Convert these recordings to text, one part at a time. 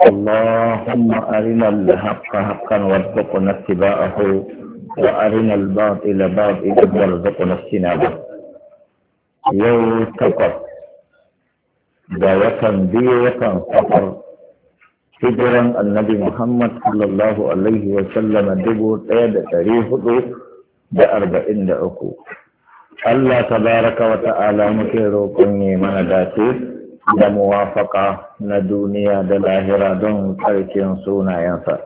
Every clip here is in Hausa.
اللهم أرنا الحق حقا وارزقنا اتباعه وأرنا الباطل باطلا وارزقنا اجتنابه يو تقر da watan biyu watan safar hijiran annabi Muhammad sallallahu alaihi wa sallam dubu ɗaya da ɗari huɗu da arba'in da uku. Allah baraka wata ala muke roƙon ne mana dace da muwafaka na duniya da lahira don ƙarshen sunayensa.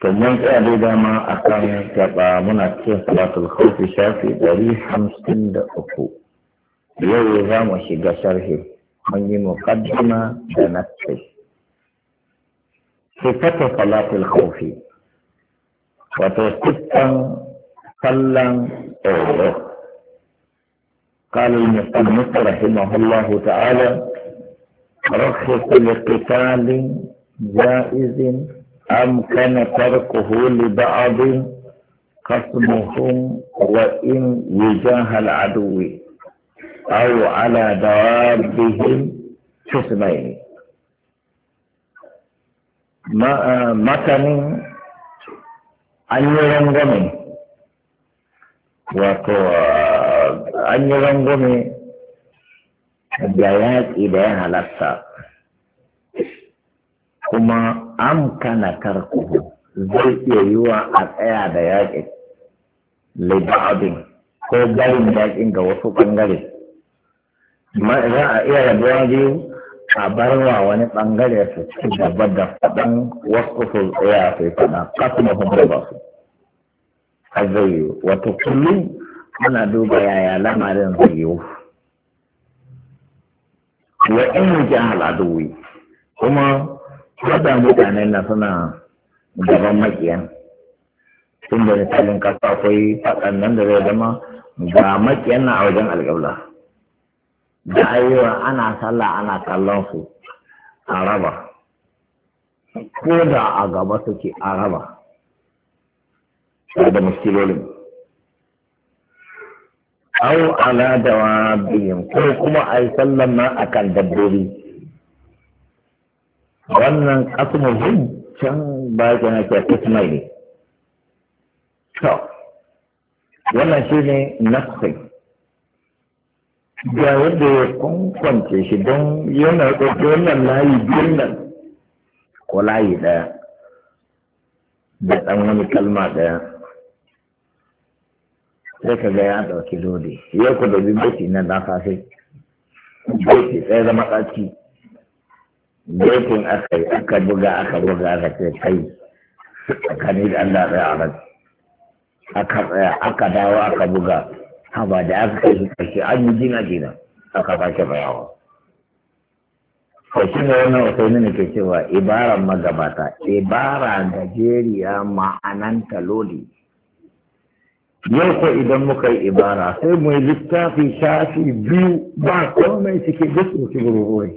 To mun tsaya dai dama a kan gaba muna cikin salatul khawfi shafi ɗari hamsin da uku. Yau za mu shiga sharhi mun yi muqaddima da nafsi. Sifatu salatul khawfi wato sifan sallan tsoro. قال المصنف رحمه الله تعالى رخص لقتال جائز أمكن تركه لبعض قسمهم وإن وجاه العدو أو على دوابهم قسمين مكن أن يرنغمه وقوى an yi rangwame da yaƙi da ya halatta kuma amkana karku zai iya yi wa a tsaya da yaƙi liba'abin ko garin yaƙin ga wasu ɓangare za a iya rabuwa biyu a wa wani ɓangare su ci gaba da faɗan wasu su tsaya su faɗa kasu mafi ba su a zai wata kullum ana duba yaya lamarin zai yiwu wa in al'adu aduwi kuma kada mutane na suna gaban makiyan tun da misalin kasa akwai faɗan nan da zai zama ga makiyan na a wajen alƙawla da ayyuwa ana sallah ana kallon su a raba ko da a gaba suke a raba da muskilolin au ala biyin ko kuma a yi sallan ma a kan dabbobi wannan kasumuhum can ba ya na ke kismai ne to wannan shi ne nafsai ga yadda ya kwankwance shi don yana wannan layi biyun nan ko layi ɗaya da ɗan wani kalma ɗaya sai ka ga ya ɗauki lodi yau ku dubi baiti nan na safe baiti sai zama tsaki baitin aka yi aka buga aka buga aka ce kai tsakani da Allah tsaya a nan aka tsaya aka dawo aka buga haba da aka kai su ƙarshe an yi jina jina aka ke bayawa Kwashin ne wannan wasanni ne ke cewa ibaran magabata, ibara da Jeriya ma'ananta lodi. yau ko idan muka yi ibara sai mu yi littafi shafi biyu ba komai cike duk su ci gurgurai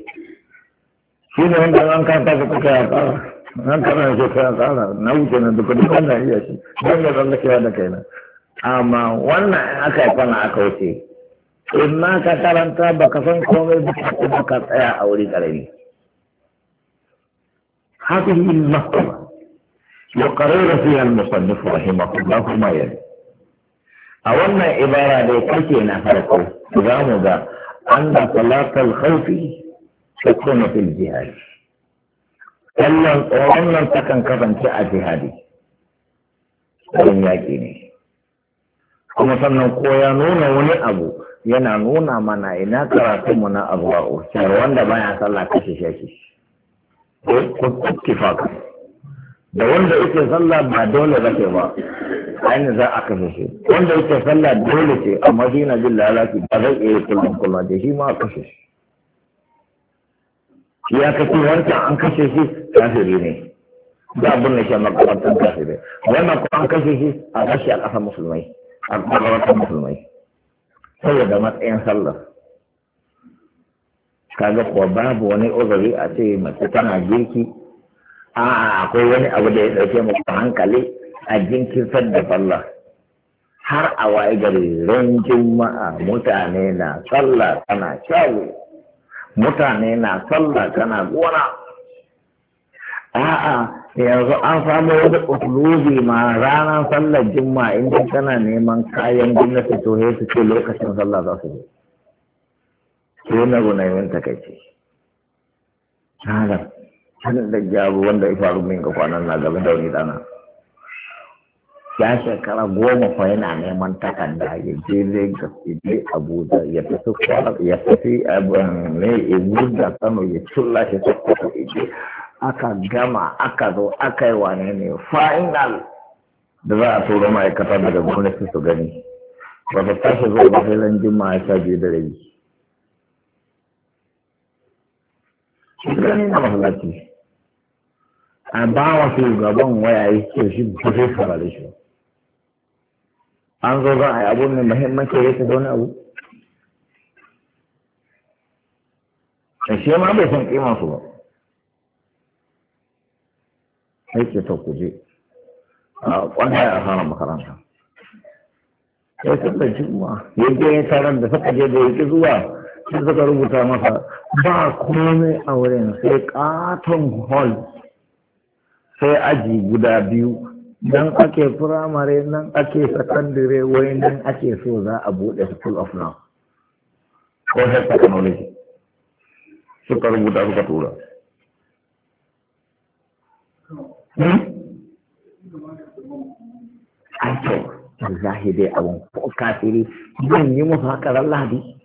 shi ne wanda an kanta ka kuka ya kara an kara ya kuka ya kara na wuce na duka duk wannan iya shi don da zan lakewa da kaina amma wannan in aka yi kwana aka wuce in ma ka karanta ba ka san komai ba ka kuma ka tsaya a wuri karami هذه المحكمة يقرر فيها المصنف رحمه الله ما يلي a wannan ibara da kake na farko za mu ga an da haifi ta kuma fil jihadi kallon tsoron takan kasance a jihadi tsoron yaƙi ne kuma sannan ko ya nuna wani abu yana nuna mana ina karatunmu na abu wa'u wanda baya sallah kashe shaki ko kuttifa kashe da wanda yake sallah ba dole ba ke ba ainihin za a kashe shi wanda yake sallah dole ce amma shi na jin lalaci ba zai iya kullum kullum da shi ma a kashe shi ya kashe wancan an kashe shi kafiri ne za a binne shi a makarantar kafiri wanda ko an kashe shi a kashe a ƙasa musulmai a makarantar musulmai saboda matsayin sallah kaga kuwa babu wani uzuri a ce mace tana girki a'a akwai wani abu da ya ɗauke a hankali a jinkirtar da sallah har a waye gari ran juma'a mutane na sallah kana shawo mutane na sallah kana gona a'a yanzu an samu wani ukulubi ma ranar sallar juma'a inda kana neman kayan gwamnati to sai su ce lokacin sallah za su je sai na gunayen takaice. Halar. sanin da jabu wanda ya faru min ga kwanan na gaba da wani dana ya shekara goma fa yana neman takarda ya je Lagos ya je Abuja ya tafi Kwara ya tafi ne ya gudu Kano ya tulla shi Sokoto ya je aka gama aka zo aka yi wane ne final da za a turo ma'aikata daga gwamnati su gani ba ta tashi zuwa ba sai juma'a sha biyu da rabi. Gani na masallaci. a ba wa shugaban waya yi ke shi ba fara da shi an zo za a yi abu mai mahimmanci ya tafi wani abu da shi ma bai san kima su ba sai ke ta kuje a kwanta a fara makaranta ya kasance kuma ya je ya tarar da saka je da ya ke zuwa sai suka rubuta masa ba komai a wurin sai katon hall sai aji guda biyu nan ake firamare nan ake sakandare wai nan ake so za a buɗe school of law ko health technology suka rubuta suka tura an kyau zahide dai abin ko kafiri zan yi musu haka lahadi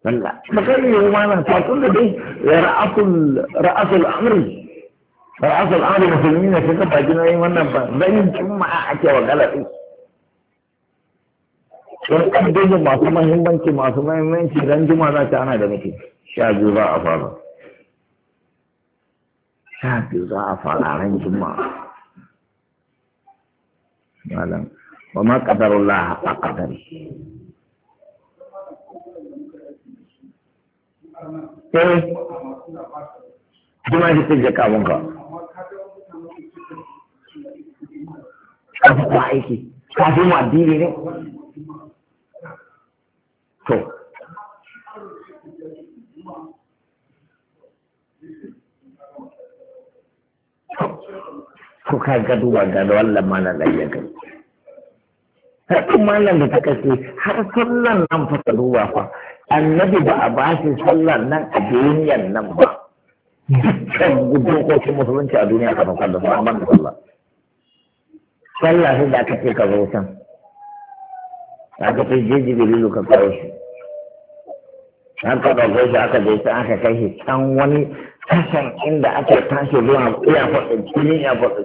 Allah magana yau ma na fatun da dai ra'asul amri ra'asul amri musulmi ne baki na yin wannan ba zan juma'a ake wa galaɗi don ƙaddoji masu mahimmanci masu mahimmanci don juma'a za ta ana da mutum sha biyu za a fara a fara ran juma'a wa ma eh kuma shi tsaye kamun ka an fi kuwa aiki kafin mu addini ne to ko ka ga duba ga da wallan malam da ya kai sai malam da ta kace har sallan nan fa duba fa annabi ba a ba shi sallar nan a duniyar nan ba dukkan gudun musulunci a duniya kafin sallar sun da sallar sallar sai da aka ce ka zo can aka ce da jibrilu ka kawo shi an ka ɗauko shi aka je shi aka kai shi can wani tashan inda ake tashi zuwa iya faɗin cikin iya faɗi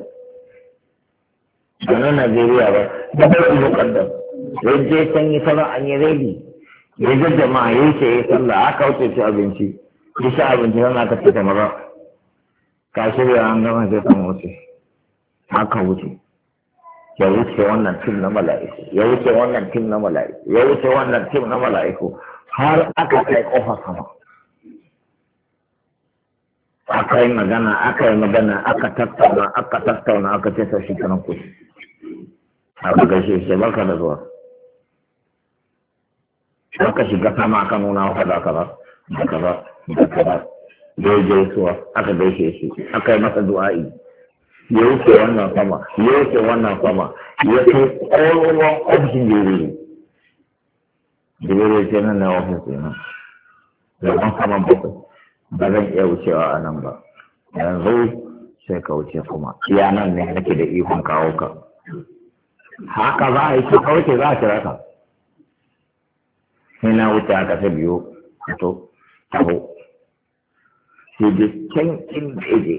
a nan Najeriya ba da bai muƙaddam sai je can yi sauran an yi rediyo ya ga jama'a ya ce ya sallah aka wuce ci abinci ya sha abinci yana aka fita mara, ka shirya an gama zai kan wuce aka wuce ya wuce wannan tim na mala'iku ya wuce wannan tim na mala'iku ya wuce wannan tim na mala'iku har aka kai kofa sama aka yi magana aka yi magana aka tattauna aka tattauna aka ce ta shi kanan kuɗi a ga gaishe shi barka da zuwa za ka shiga sama ka nuna wata da kaza da kaza da kaza zai aka gaishe shi aka yi masa du'a'i ya wuce wannan sama ya wuce wannan sama ya kai kowa ofishin jirgin jirgin ce nan na ofis da ban saman bakwai ba zan iya wucewa a nan ba yanzu sai ka wuce kuma iya nan ne nake da ikon kawo ka haka za a yi ki kauce za a kira ka sai na wuce aka ta biyo to taho sai da can inda ya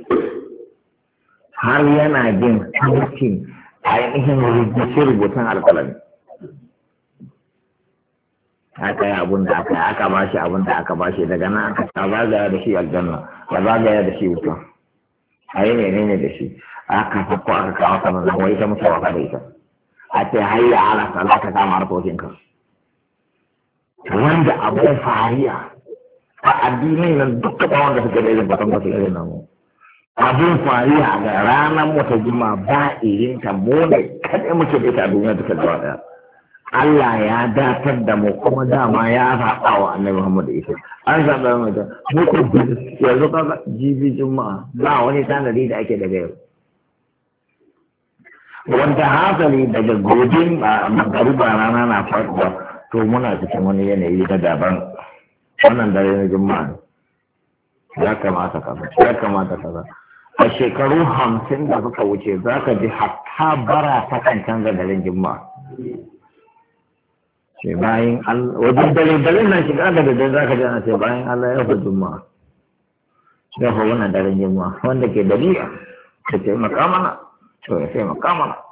har yana jin sautin ainihin rubuce rubutun alƙalami, aka yi abin da aka yi aka ba shi abin da aka ba shi daga nan aka ta zagaya da shi aljanna ta zagaya da shi wuta a yi menene da shi aka fakko aka kawo kamar zan wai ta mutuwa ka da ita a ce hayya ala salata kama harkokin kansu wanda abin fariya a addinai nan duka ba wanda suke da irin batun ba su irin namu abin fariya ga ranar wata juma ba irin ta mu ne kaɗai muke da ita a duniya duka gaba ɗaya Allah ya datar da mu kuma dama ya zaɓa wa annabi Muhammad isa an zaɓa mu da mu ko yanzu ka jibi juma'a ba wani tanadi da ake daga yau wanda hasali daga godin ba magariba rana na faruwa to muna cikin wani yanayi na daban wannan dare na juma'a ya kamata kaza ya kamata kaza a shekaru hamsin da suka wuce za ka ji hatta bara ta kan canza daren juma'a ce bayan Allah wajen dare dare na shiga da dare za ka ji ana ce bayan Allah ya fi juma'a ya fi wannan daren juma'a wanda ke dabi'a ta ce makamana to ya ce makamana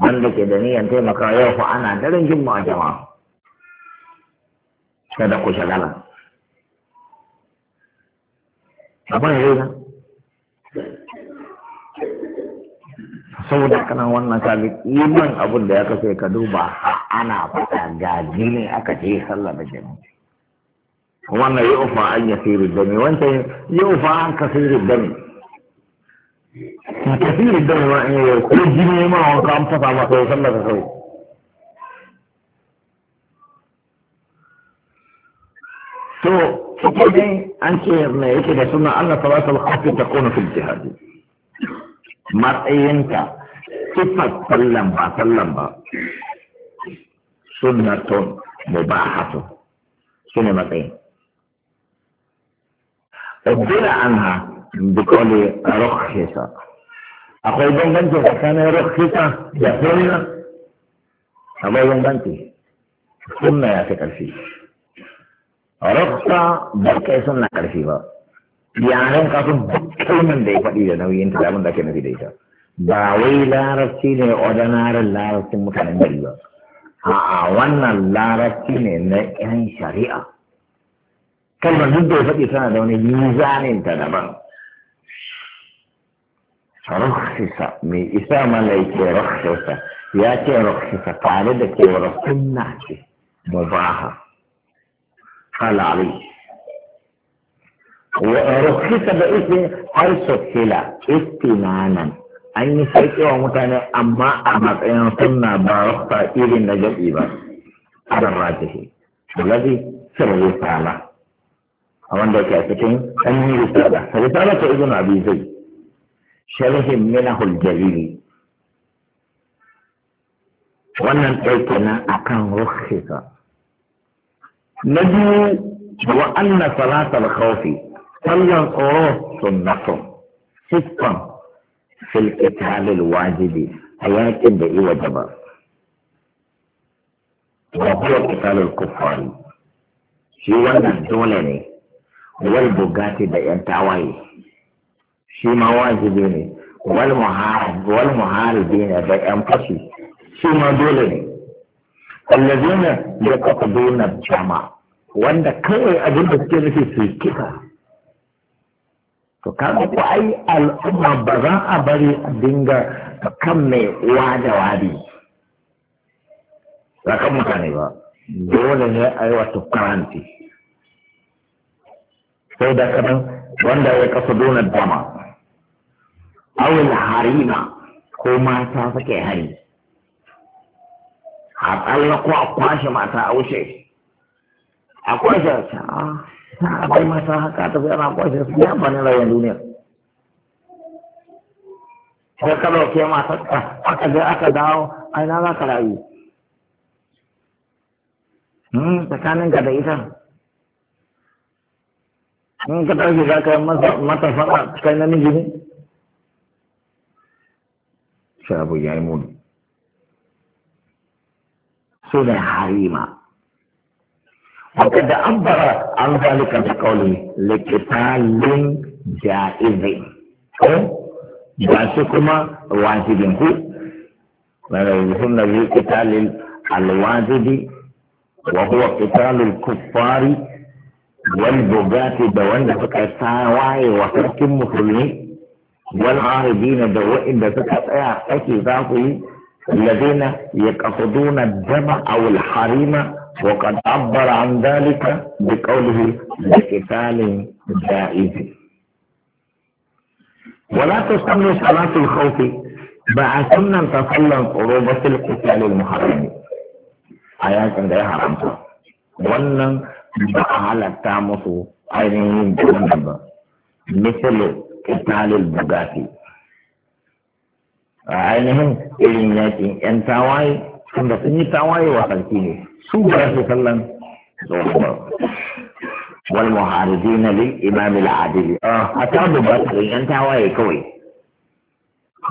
wanda ke da niyan taimaka yau fa ana daren jin mu a jama'a kada ku shagala abin yi na saboda kana wannan kabi iman abin da ya kafe ka duba ana fata gaji ne aka ce sallah da jami'a wannan yau fa an ya sirri dami wancan yau fa an ka sirri dami في كثير الدم ما إيه كل جنيه ما هو كام تسعة ما سوي صلى تسوي تو فكرة أنت ما يكيد سنة أن صلاة الخوف تكون في الجهاد مرئينك صفة سلم با سلم با سنة مباحة سنة مرئين أبدل عنها بقول رخصة akwai bambanci tsakanin rukhisa da sunna akwai bambanci sunna ya fi karfi rukhsa ba kai sunna karfi ba yaren sun kalman da ya faɗi da nauyin ta abin da ke nufi da ita ba wai larabci ne ordinary larabcin mutanen gari ba a wannan larabci ne na yan shari'a kalmar duk da ya faɗi tana da wani mizanin ta daban rakhisa me isa mana yake rakhisa ya ce rakhisa tare da cewar sunna ce mubaha halali rakhisa da ita har sofila istinanan an yi sauƙi wa mutane amma a matsayin sunna ba rakhisa irin na jabi ba a rarrajihi alladhi sirri sala a wanda ke cikin ɗan yi risala risala ta ibn abi zai شرح منه الجليل wannan ɗai kenan akan rukhisa na biyu wa anna salatal khawfi sallan tsoro sunnatu siffan fil qitalil wajibi a yakin da iwa jaba wa huwa qitalul kuffari shi wannan dole ne wal bugati da yan tawaye shi ma wajibi ne wal muharib wal muharibi ne da yan fashi shi ma dole ne allazina yaqtuduna jama wanda kawai abin da suke nufi su kika to kaga ko ai al'umma ba za a bari a dinga kan mai uwa da wadi ba kan mutane ba dole ne a yi wato karanti sai da kanan wanda ya kasa donar jama'a awil harina ko mata suke hari a tsalla ko a kwashe mata a wuce a kwashe a akwai mata haka ta na kwashe su ya amfani rayuwar duniya sai ka dauke mata aka ga aka dawo ai na za ka rayu hmm, ka da ita in ka ɗauke za ka yi mata fara kai namiji ne shabu ya yi muni su da harima وقد عبر عن ذلك بقوله لقتال جائز ba shi kuma wajibin ku wanda sun da zai kitalin alwajibi wa huwa kuffari wal bugati da wanda suka tawaye wa sarkin musulmi والعارضين دواء إذا تكتئ أكي ذاقي الذين يقصدون الدم أو الحريمة وقد عبر عن ذلك بقوله بقتال جائز ولا تسمى صلاة الخوف بعثنا تصلى قروبة القتال المحرم آيات ده حرام wannan ba a halatta musu ainihin wannan قتال البغاتي ainihin irin yakin yan tawaye tunda sun yi tawaye wa sarki ne su ba su sallan tsohon wal muharijin lil imam al adil ah hatta da ba su yan tawaye kawai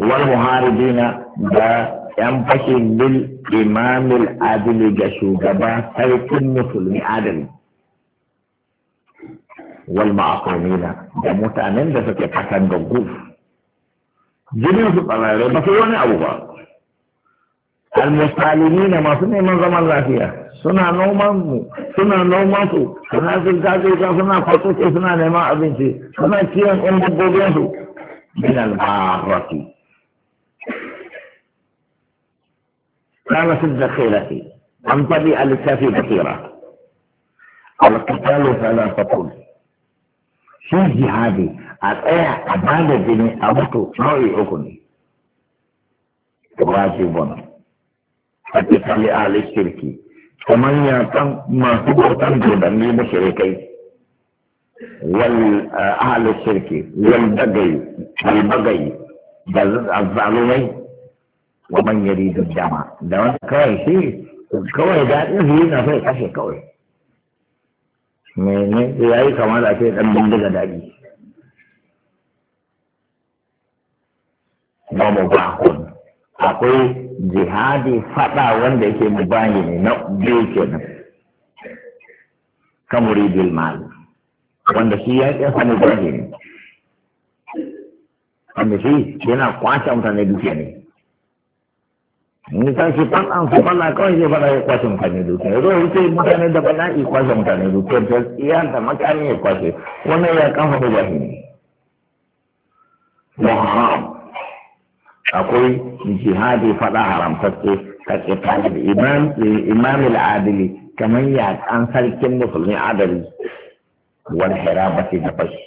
wal muharijin da yan fashin lil imam al adil ga shugaba sarkin musulmi adali wal ma'asumina da mutanen da suke fatan gaggu jinin su tsararre ba su wani abu ba almusalimina masu neman zaman lafiya suna noman mu suna noman su suna zirga zirga suna kwatsoce suna neman abinci suna kiyon yan dabbobin su min albarrati قال في الذخيرة عن طبيعة الكافي بصيرة القتال ثلاثة shi jihadi a tsaya a bada jini a mutu nau'i uku ne wajibun a tattali a shirki kamar yakan masu bautan dodanni mashirikai wal eh, ahalin shirki wal bagayi wal bagayi da zalumai wa man da dama da wani kawai shi kawai da ɗin na sai kashe kawai mene ya yi kama da ake dan bindiga daji ba mu bakon akwai jihadi fada wanda yake mu bayi ne na biyu kenan kamuri bilmali wanda shi ya ƙin samu bayi ne wanda shi yana kwace mutane dukiya ne mutan shi ban an su bala kawai zai bala ya kwashe mutane dukiyar wuce mutane da bala ya kwashe mutane dukiyar da tsiyan da makani ya kwashe wannan ya kafa da ne wa akwai jihadi faɗa haramtacce ka ƙetare da imamil adili kamar yaƙan sarkin musulmi adali wani harabati da fashi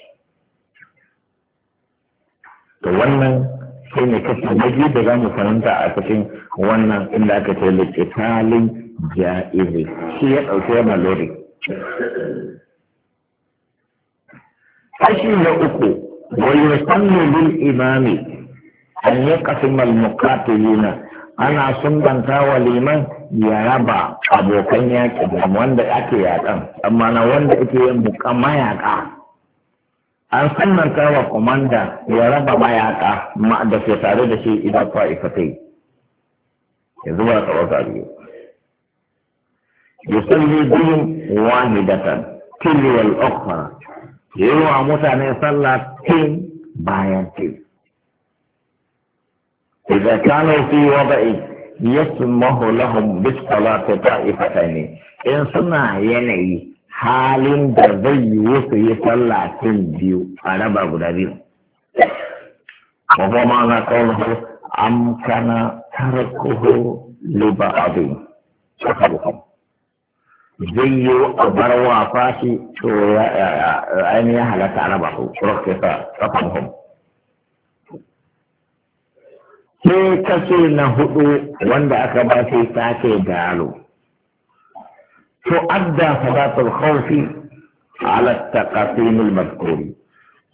to wannan sai ne kashi na da za mu fahimta a cikin wannan inda aka ce likitalin ja'iri shi ya ɗauke ya lori kashi na uku Wani ويسن للإمام أن يقسم المقاتلين ana sumbanta wa liman ya raba abokan yaƙi wanda ake yaƙan amma na wanda ake yin muka mayaƙa an sannanta wa komanda ya raba mayaka da ke tare da shi idan fa'ifatai ya zuba tsawaka biyu yusalli bihim wahidatan tilli wal ukhra yayi wa mutane sallah tin bayan tin idza kanu fi wada'i yasmahu lahum bis salati ne in suna yanayi halin da zai yi wasu yi sallah sun biyu a raba guda biyu ba ma na kawo am kana tarkuhu liba abin zai yi a bar wa fashi to ainihin halatta a raba su sa kafin hum sai kashe na hudu wanda aka ba sai sake galo تؤدى صلاة الخوف على التقاسيم المذكور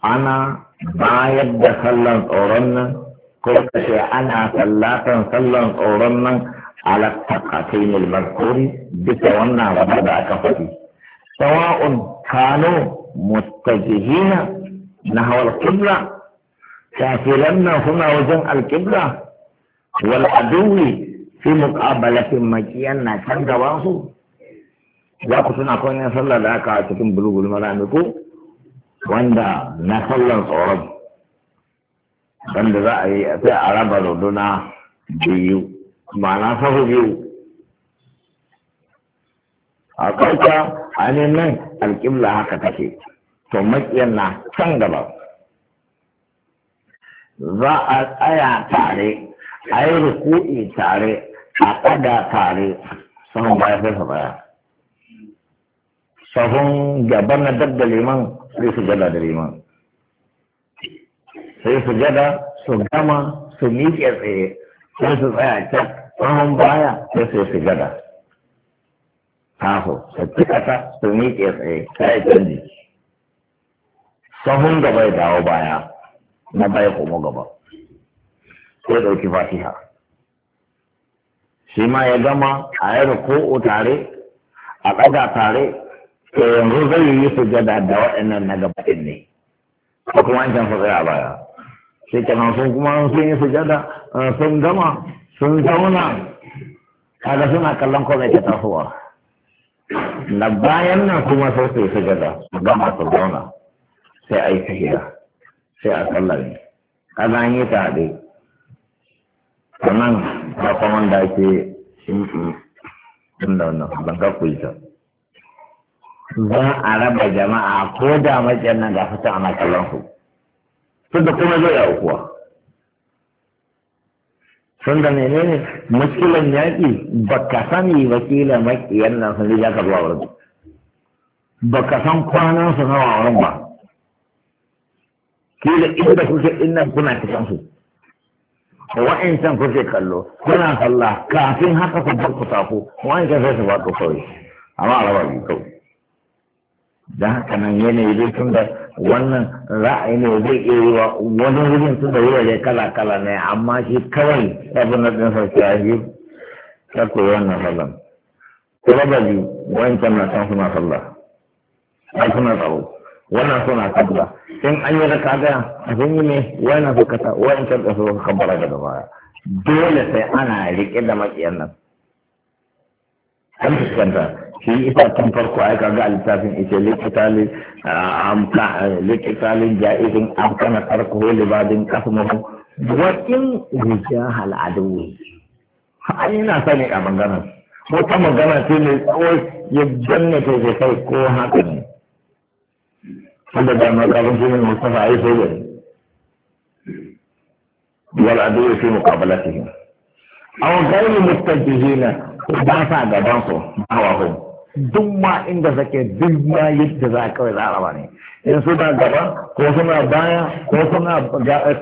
أنا بايد صلى أورنا كنت أنا صلاة صلى أورنا على التقاسيم المذكور بتونا وبدا كفتي سواء كانوا متجهين نحو القبلة كافرنا هنا وجن القبلة والعدو في مقابلة مجيئنا كان جواسه za ku suna kwanin sallar da aka a cikin bulugul marami ko wanda na sallar tsoron wanda za a yi sai a raba runduna biyu ma'ana sahu biyu a kauta a nan alƙibla haka take to maƙiyar na can gaba za a tsaya tare a yi ruku'i tare a ƙada tare sahun baya sai baya sahun gaban na dab da liman sai su gada da liman sai su gada su gama su miƙe tsaye sai su tsaya can sahun baya sai su su gada taho su cikata su miƙe tsaye kai canji sahun gaba ya dawo baya na baya komo gaba sai ɗauki fatiha shi ma ya gama a yi tare a ɗaga tare to yanzu zai yi sujada da waɗannan na gabatin ne ko kuma an can fa a baya sai kenan sun kuma sun yi sujada eh, sun gama sun zauna kaga suna kallon ko mai ta tasowa na bayan nan kuma sai su yi sujada su gama su zauna sai a yi tahiya sai a sallame kaga an yi ta haɗe sannan ba kuma da ake mm, mm, ban ga kuyi ta za a raba jama'a ko da majiyar nan ga fita ana kallon su sun da kuma zai yawo kuwa sun da menene maskilan yaƙi ba ka sani wakila makiyar nan sun riga ka zuwa wurin ba ka san kwanan su nawa wurin ba kila inda kuke innan kuna cikin su can kuke kallo kuna sallah kafin haka ku bar ku wa'in can sai su ba ku kawai amma a raba biyu kawai da haka nan yanayi zai tun da wannan ra'ayi ne zai iya yi wa wani wurin tun da wurare kala kala ne amma shi kawai abu na ɗin sarki a yi ta koyi wannan sallan ko ba biyu wancan na san suna sallah a suna tsaro wannan suna sallah in an yi raka gaya a sun yi ne wannan su kata wancan da su bara daga baya dole sai ana riƙe da maƙiyan nan an fuskanta shi itacen farko ai ga a littafin ita likitalin likitalin ja'izin amkana farko libadin kasmuhu wa in rijahal aduwi ai yana sani a magana. wata magana ce mai tsawo ya danna ta ke kai ko haka ne wanda da makabin shi ne mustafa ai sai gari wal aduwi fi muqabalatihim aw ghayr mustajihina ba sa gaban su ba wa hum duk ma inda sake duk ma yadda za a kawai zaraba ne in suna gaba ko suna baya ko suna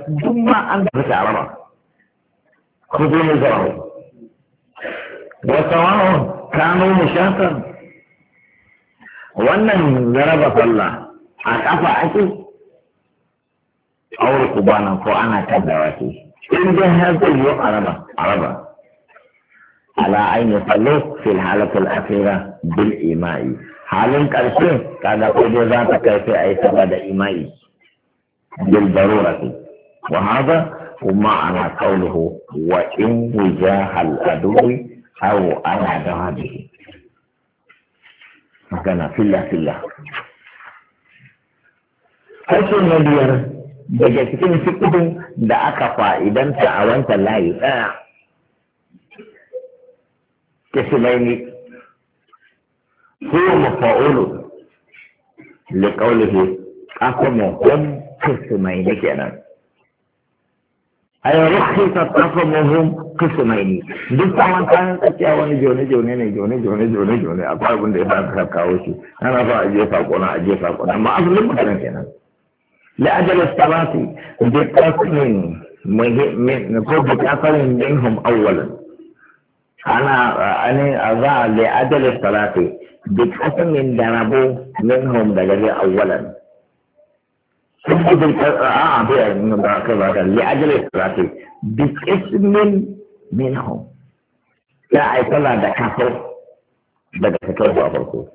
duk ma an da sake araba ko zai ne ba wata wawon kano mushatan wannan zaraba sallah a kafa ake aure kubana ko ana tallawa ce in dai har zai yi araba araba على عين الله في الحالة الأخيرة بالإيماء حال كالشيء كان قد ذات كيف أي سبب إيماء بالضرورة وهذا ومعنى قوله وإن وجاه الأدو أو على ذهبه كان في الله في الله حيث النبي daga cikin fikudin da aka fa'idanta a wancan layi كسلين هو مفعول لقوله أقم هم قسمين كنا أي رخص تقمهم قسمين duk tsawon kayan tsakiya wani jone-jone ne jone-jone jone akwai abin da ya ba ka kawo shi ana so a je sako na a je amma asalin mutanen kenan la'ajal salati bi qasmin muhimmin ko bi qasmin minhum awwalan أنا أنا أضع لأجل الصلاة من جنبه منهم دجل أولا آه, آه، لأجل الصلاة بقسم منهم لا يطلع دكافر دكافر وأبركو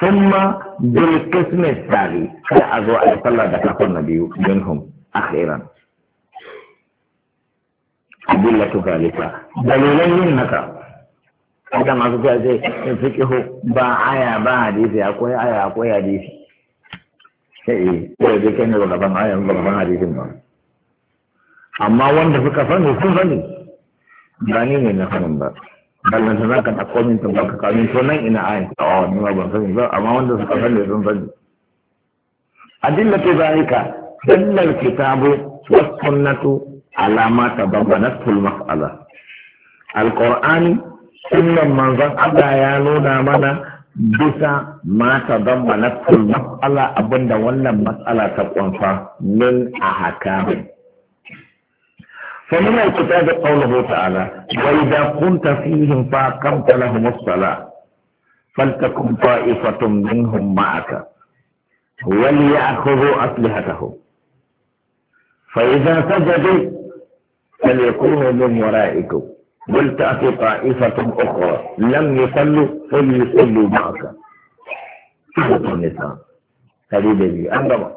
ثم بالقسم الثاني فأزوأ يطلع دكافر نبي منهم أخيرا adillatu zalika dalilan yin naka haka masu ta ce in fiqhu ba aya ba hadisi akwai aya akwai hadisi sai ko da kan da gaban aya gaban hadisin ba amma wanda suka sani sun sani ba ni ne na sanin ba ballan sana kan akwai min baka kamin to nan ina aya. tawawa wani ma ban sani ba amma wanda suka sani sun sani adillatu zalika dallal kitabu wa sunnatu على ما تضمنته المسألة القرآن سنة منظر الله يانونا منا بسا ما تضمنت المسألة na matsala مسألة wannan matsala ta أحكام فمن الكتاب قوله تعالى وإذا كنت فيهم فأقمت لهم الصلاة فلتكن طائفة منهم معك وليأخذوا أسلحتهم فإذا سجدوا فليكونوا من ورائكم ولتأتي طائفة أخرى لم يصلوا فليصلوا معك سورة النساء هذه دليل أنظمة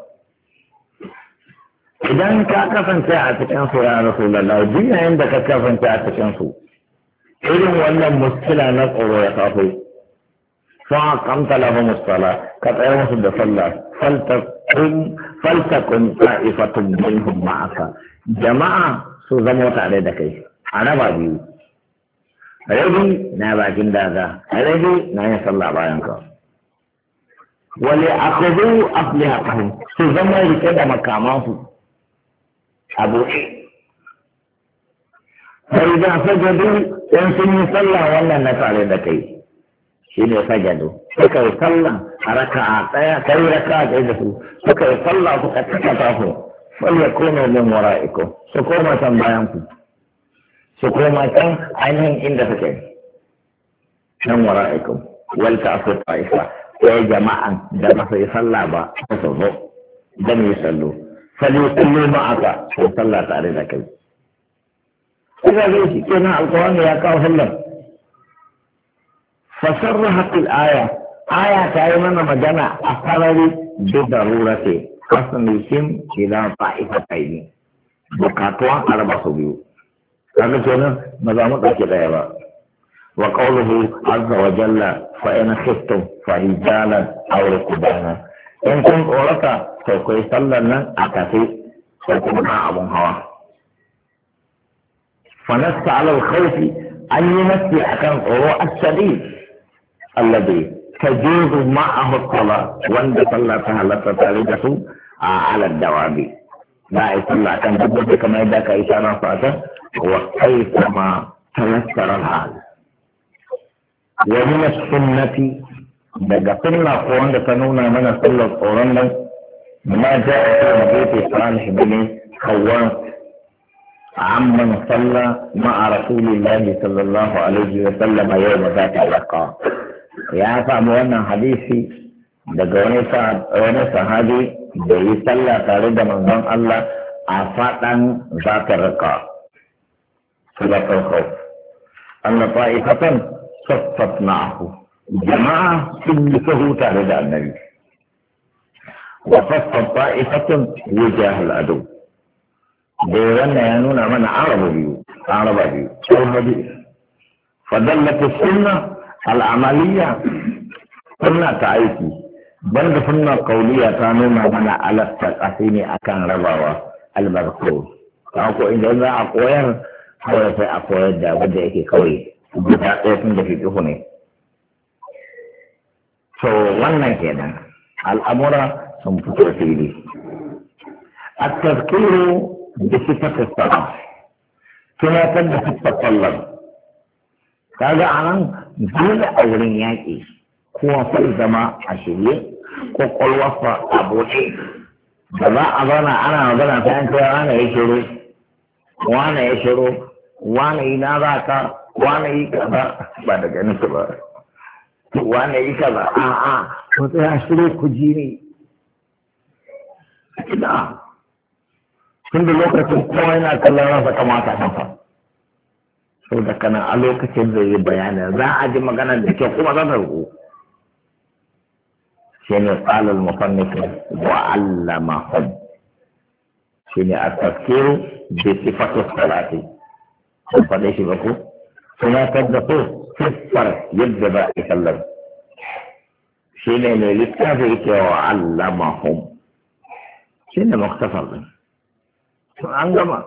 إذا كفن ساعة تشانسو يا رسول الله جينا عندك كفن ساعة تشانسو إذن ولا مشكلة نقر يخافوا فأقمت لهم الصلاة قد مصد صلى فلتكن فلتكن طائفة منهم معك جماعة so zama tare da kai a raba biyu rabi na bakin daga rabi na yin sallah bayan ka wale akhudhu aflihaqahum su zama rike da makamansu a buɗe sai a sajadu in sun yi sallah wannan na tare da kai shi ne sajadu suka yi sallah a raka a tsaya kai raka a tsaye da su suka yi sallah suka tsaka su falyakunu min wara'ikum su koma can bayan ku su koma can ainihin inda suke nan wara'ikum wal ta'fu ta'ifa sai jama'an da ba su yi sallah ba su zo dan yi sallo falyusallu ma'aka su sallah tare da kai kuma zai shi kenan alƙawari ya kawo sallar fasarraha fil aya aya ta yi mana magana a farari da darurati kasanushin ila ta'ifataini bukatuwa a raba su biyu kaga kenan ba za mu ɗauki ɗaya ba wa qawluhu azza wa jalla fa in khiftum fa rijalan aw rukbana in kun tsorata to kai sallar nan a kafi, ko kuma abun hawa fa nasta ala al an yi nasti akan tsoro ashadi alladhi تجوز معه الصلاة وانت صلى فهل تتالجه آه، على الدوام لا يصلى كان جبت كما يداك إشارة فاتة وكيفما تيسر الحال ومن السنة بقفل القرآن تنونا من صلى القرآن ما جاء في حديث صالح بن خوات عمن صلى مع رسول الله صلى الله عليه وسلم يوم ذات اللقاء ya samu wannan hadisi daga wani sahabi da yi sallah tare da manzon Allah a faɗan za ta rika sulatul khawf anna ta'ifatan saffat ma'ahu jama'a sun yi sahu tare da annabi wa saffat ta'ifatun wajahal adu da wannan ya nuna mana araba biyu araba biyu sau hadis fadallatu sunnah al'amaliya sunna ta aiki ban da sunna kauliya ta nuna mana alasta ƙasi ne akan rabawa albarko ta ko idan za a koyar kawai sai a koyar da abin da yake kawai guda ɗaya tun da fiƙihu ne so wannan kenan al'amura sun fito fili a tazkiru da sifatar sana tunatar da sifatar kaga anan dole a wurin yaƙi kowa sai zama a shirye kwakwalwarsa a bude da za a zauna ana magana ta yanke wane ya shiru wane ya shiru wane yi na za ka wane yi kaza ba da ganin su ba wane yi kaza a a ko tsaya shiru ku ji ne ina tun da lokacin kowa yana kallon rasa kamata kafa sau da kana a lokacin zai yi bayanin za a ji magana da kyau kuma za ta rubu shi ne tsalal mafannifin wa Allah hum shi ne a tafkiru da sifatu salati sun faɗe shi ba ku tunatar da so siffar yadda ba a kallar shi ne mai littafi yake wa Allah hum shi ne maktafar ɗin sun an gama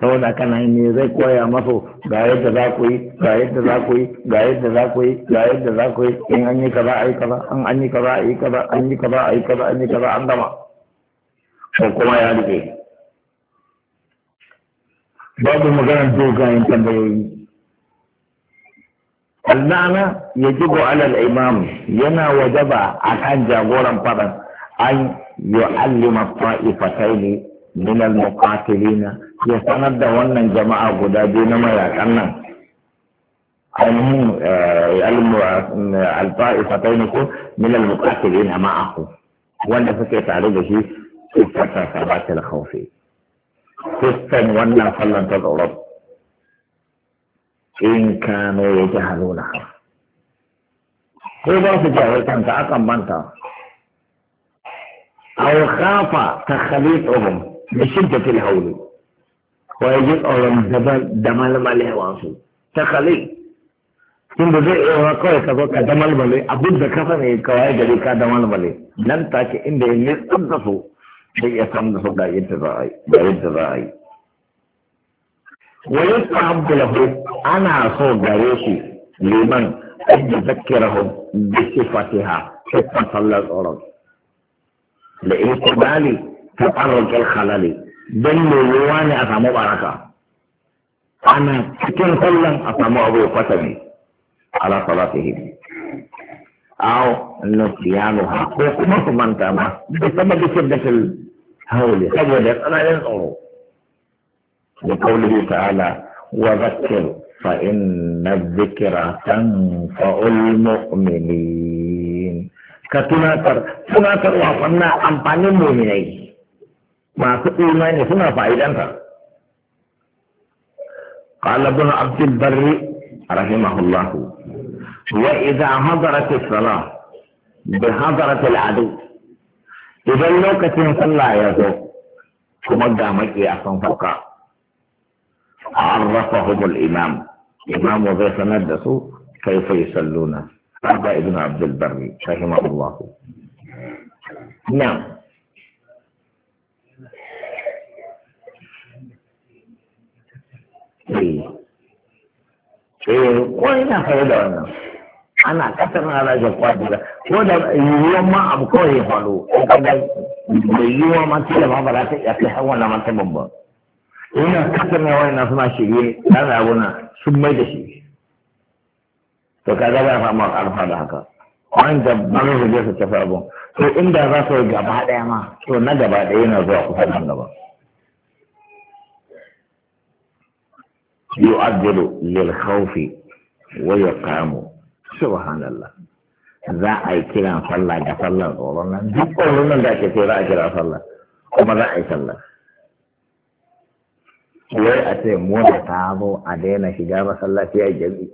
saboda kana yin ne zai koya masu ga yadda za ku yi ga yadda za ku yi ga yadda za ku yi ga yadda za ku yi in an yi kaza a yi kaza an an yi Ba a yi kaza an yi kaza a yi kaza an yi kaza an gama ko kuma ya rike babu magana dogayen tambayoyi allana ya jigo alal imam yana wajaba akan jagoran fadan an yu'allima fa'ifataini من المقاتلين يسند وانا جماعة قدادين ما يكنا المهم آه، آه، الطائفتين من المقاتلين معه وانا فكرت عليه بشيء ستة سبعة الخوفي ستا وانا فلن تضرب إن كانوا يجهلونها هو في جاهلتهم تعقم بنتها أو خاف تخليطهم بشدة الهول ويجب على الزبال دمال ماله واسو تخلي ثم بذي اوراقوي كذوك دمال ماله أبود بكفني إيه كواهي جديكا دمال ماله لن تاك اندي اللي اتنصو شيء يتنصو دا يتضاعي دا يتضاعي ويسمع عبد له انا اصو داريشي لمن ان يذكرهم بصفتها حكمة الله الأرض لإنك مالي تبرك الخلالي بل نواني أفهم بركة أنا كن كلا أفهم أبو فتبي على صلاته أو نسيانها وكما تمن كما بسبب شدة الهول سجد أنا ينظر لقوله تعالى وذكر فإن الذكرى تنفع المؤمنين كتناكر تناكر وفنا أمبان المؤمنين masu imani suna fa'idanta قال ابن عبد البر رحمه الله وإذا حضرت الصلاة بحضرة العدو إذا لو كتن صلى يزو كما دامك يا صنفقا عرفهم الإمام إمام ذي سندسو كيف يصلون هذا ابن عبد البر رحمه الله نعم eh eh ko ina kai da wannan ana kasar na rage kwadira ko da yiwuwan ma abu kawai ya faru ko kada da yiwuwa ma tila ma ba za ta iya kai har wannan mata babban ina kasar na wannan suna shirye na abuna sun mai da shi to kaga ba fa ma alfa da haka wanda ba zai je su tafi abun to inda za su yi gaba ɗaya ma to na gaba ɗaya yana zuwa kusa nan gaba يؤجل للخوف ويقام سبحان الله ذا اي كلام صلى صلى قولنا دي قولنا ذا كثير اي كلام صلى وما ذا اي صلى وي اتي مونا تابو ادينا شجابة صلى في اي جميع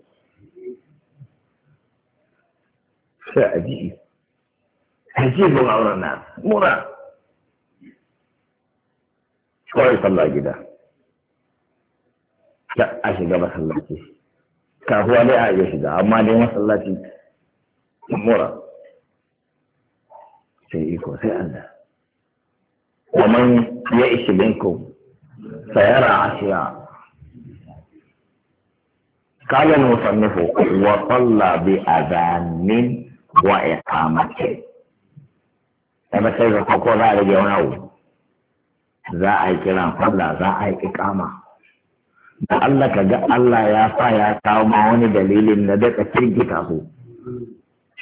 سأجي هجيب الله لنا مونا كوي صلى جدا a shiga masallaci kafuwa ne a iya shiga amma dai masallaci mura sai ya ishi linku sayara a shiya kalin musannufu wa salla bi azanin wa iqamati da ba sai ga kokon da ya wani za a yi kiran salla za a yi iqama da Allah ka ga Allah ya sa ya kawo ma wani dalilin da daga firgita su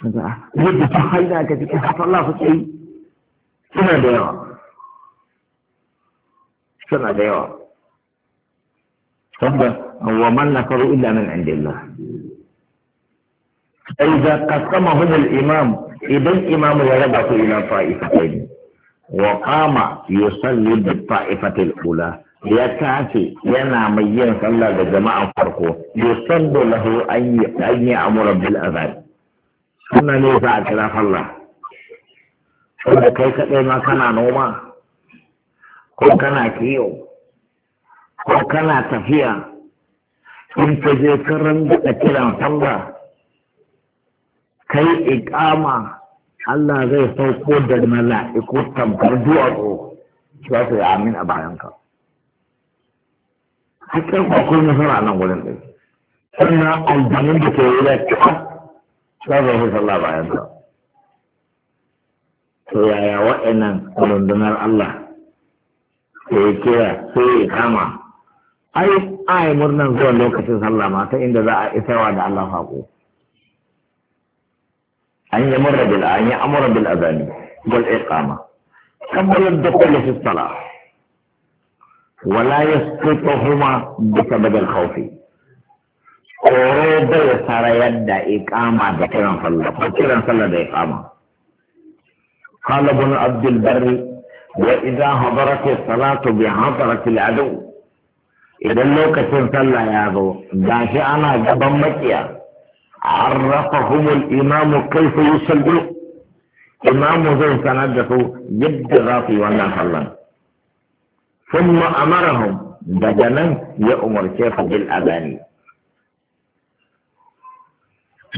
yadda ta haina ka cikin hafalla suke yi suna da yawa suna da yawa saboda wa man nasaru illa min indillah فإذا قسمهم الإمام إذن إمام يربط إلى طائفتين وقام يصلي بالطائفة الأولى ya tashi yana mai yin sallah da jama'an farko da lahu an yi amura bil azan suna ne za a kira sallah wanda kai kaɗai ma kana noma ko kana kiyo ko kana tafiya in ka je ka da kiran sallah kai iqama Allah zai sauko da mala'iku tamkar duwatsu za su yi amin a bayanka. hakan kwakwai nasara nan wurin ɗin sannan aljanun da ke wula kyan za su fi sallah bayan sa to yaya wa'inan rundunar Allah da ya kira sai ya kama ai ai murnan zuwa lokacin sallah ma ta inda za a isarwa da Allah haƙo an yi murna bil an yi amura bil azani wal iqama kamar yadda kullu fi salah ولا يسقطهما بسبب الخوف قرد يسار يد إقامة كيران صلى كيران صلى إقامة قال ابن عبد البر وإذا حضرت الصلاة بحضرة العدو إذا لو كتن صلى يا أبو داشي أنا جبن مكيا عرفهم الإمام كيف يصلوا إمام ذو سنده جد غافي وانا صلى الله Kuma amarahun daga nan ya umarce su bil azani.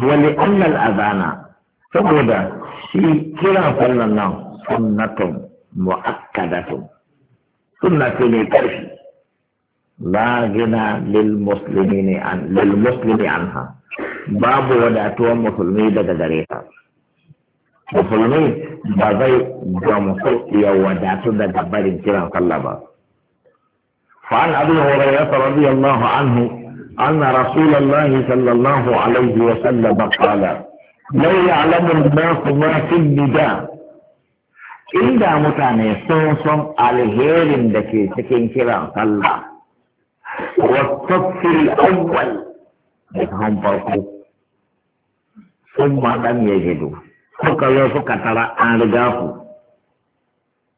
Wani annal azana, saboda shi kiran sallan nan sunnatun mu'akkadatun. Sunnatu ne ƙarfi. La gina lil muslimi ne an lil muslimi an Babu wadatuwar musulmi daga gare ta. Musulmi ba zai ga ya wadatu daga barin kiran kalla ba. فعن أبي هريرة رضي الله عنه أن رسول الله صلى الله عليه وسلم قال لو يعلم الناس ما في النداء inda mutane sun san alherin da ke cikin kiran sallah wasafil awwal da kan farko sun ma dan ya hido an riga ku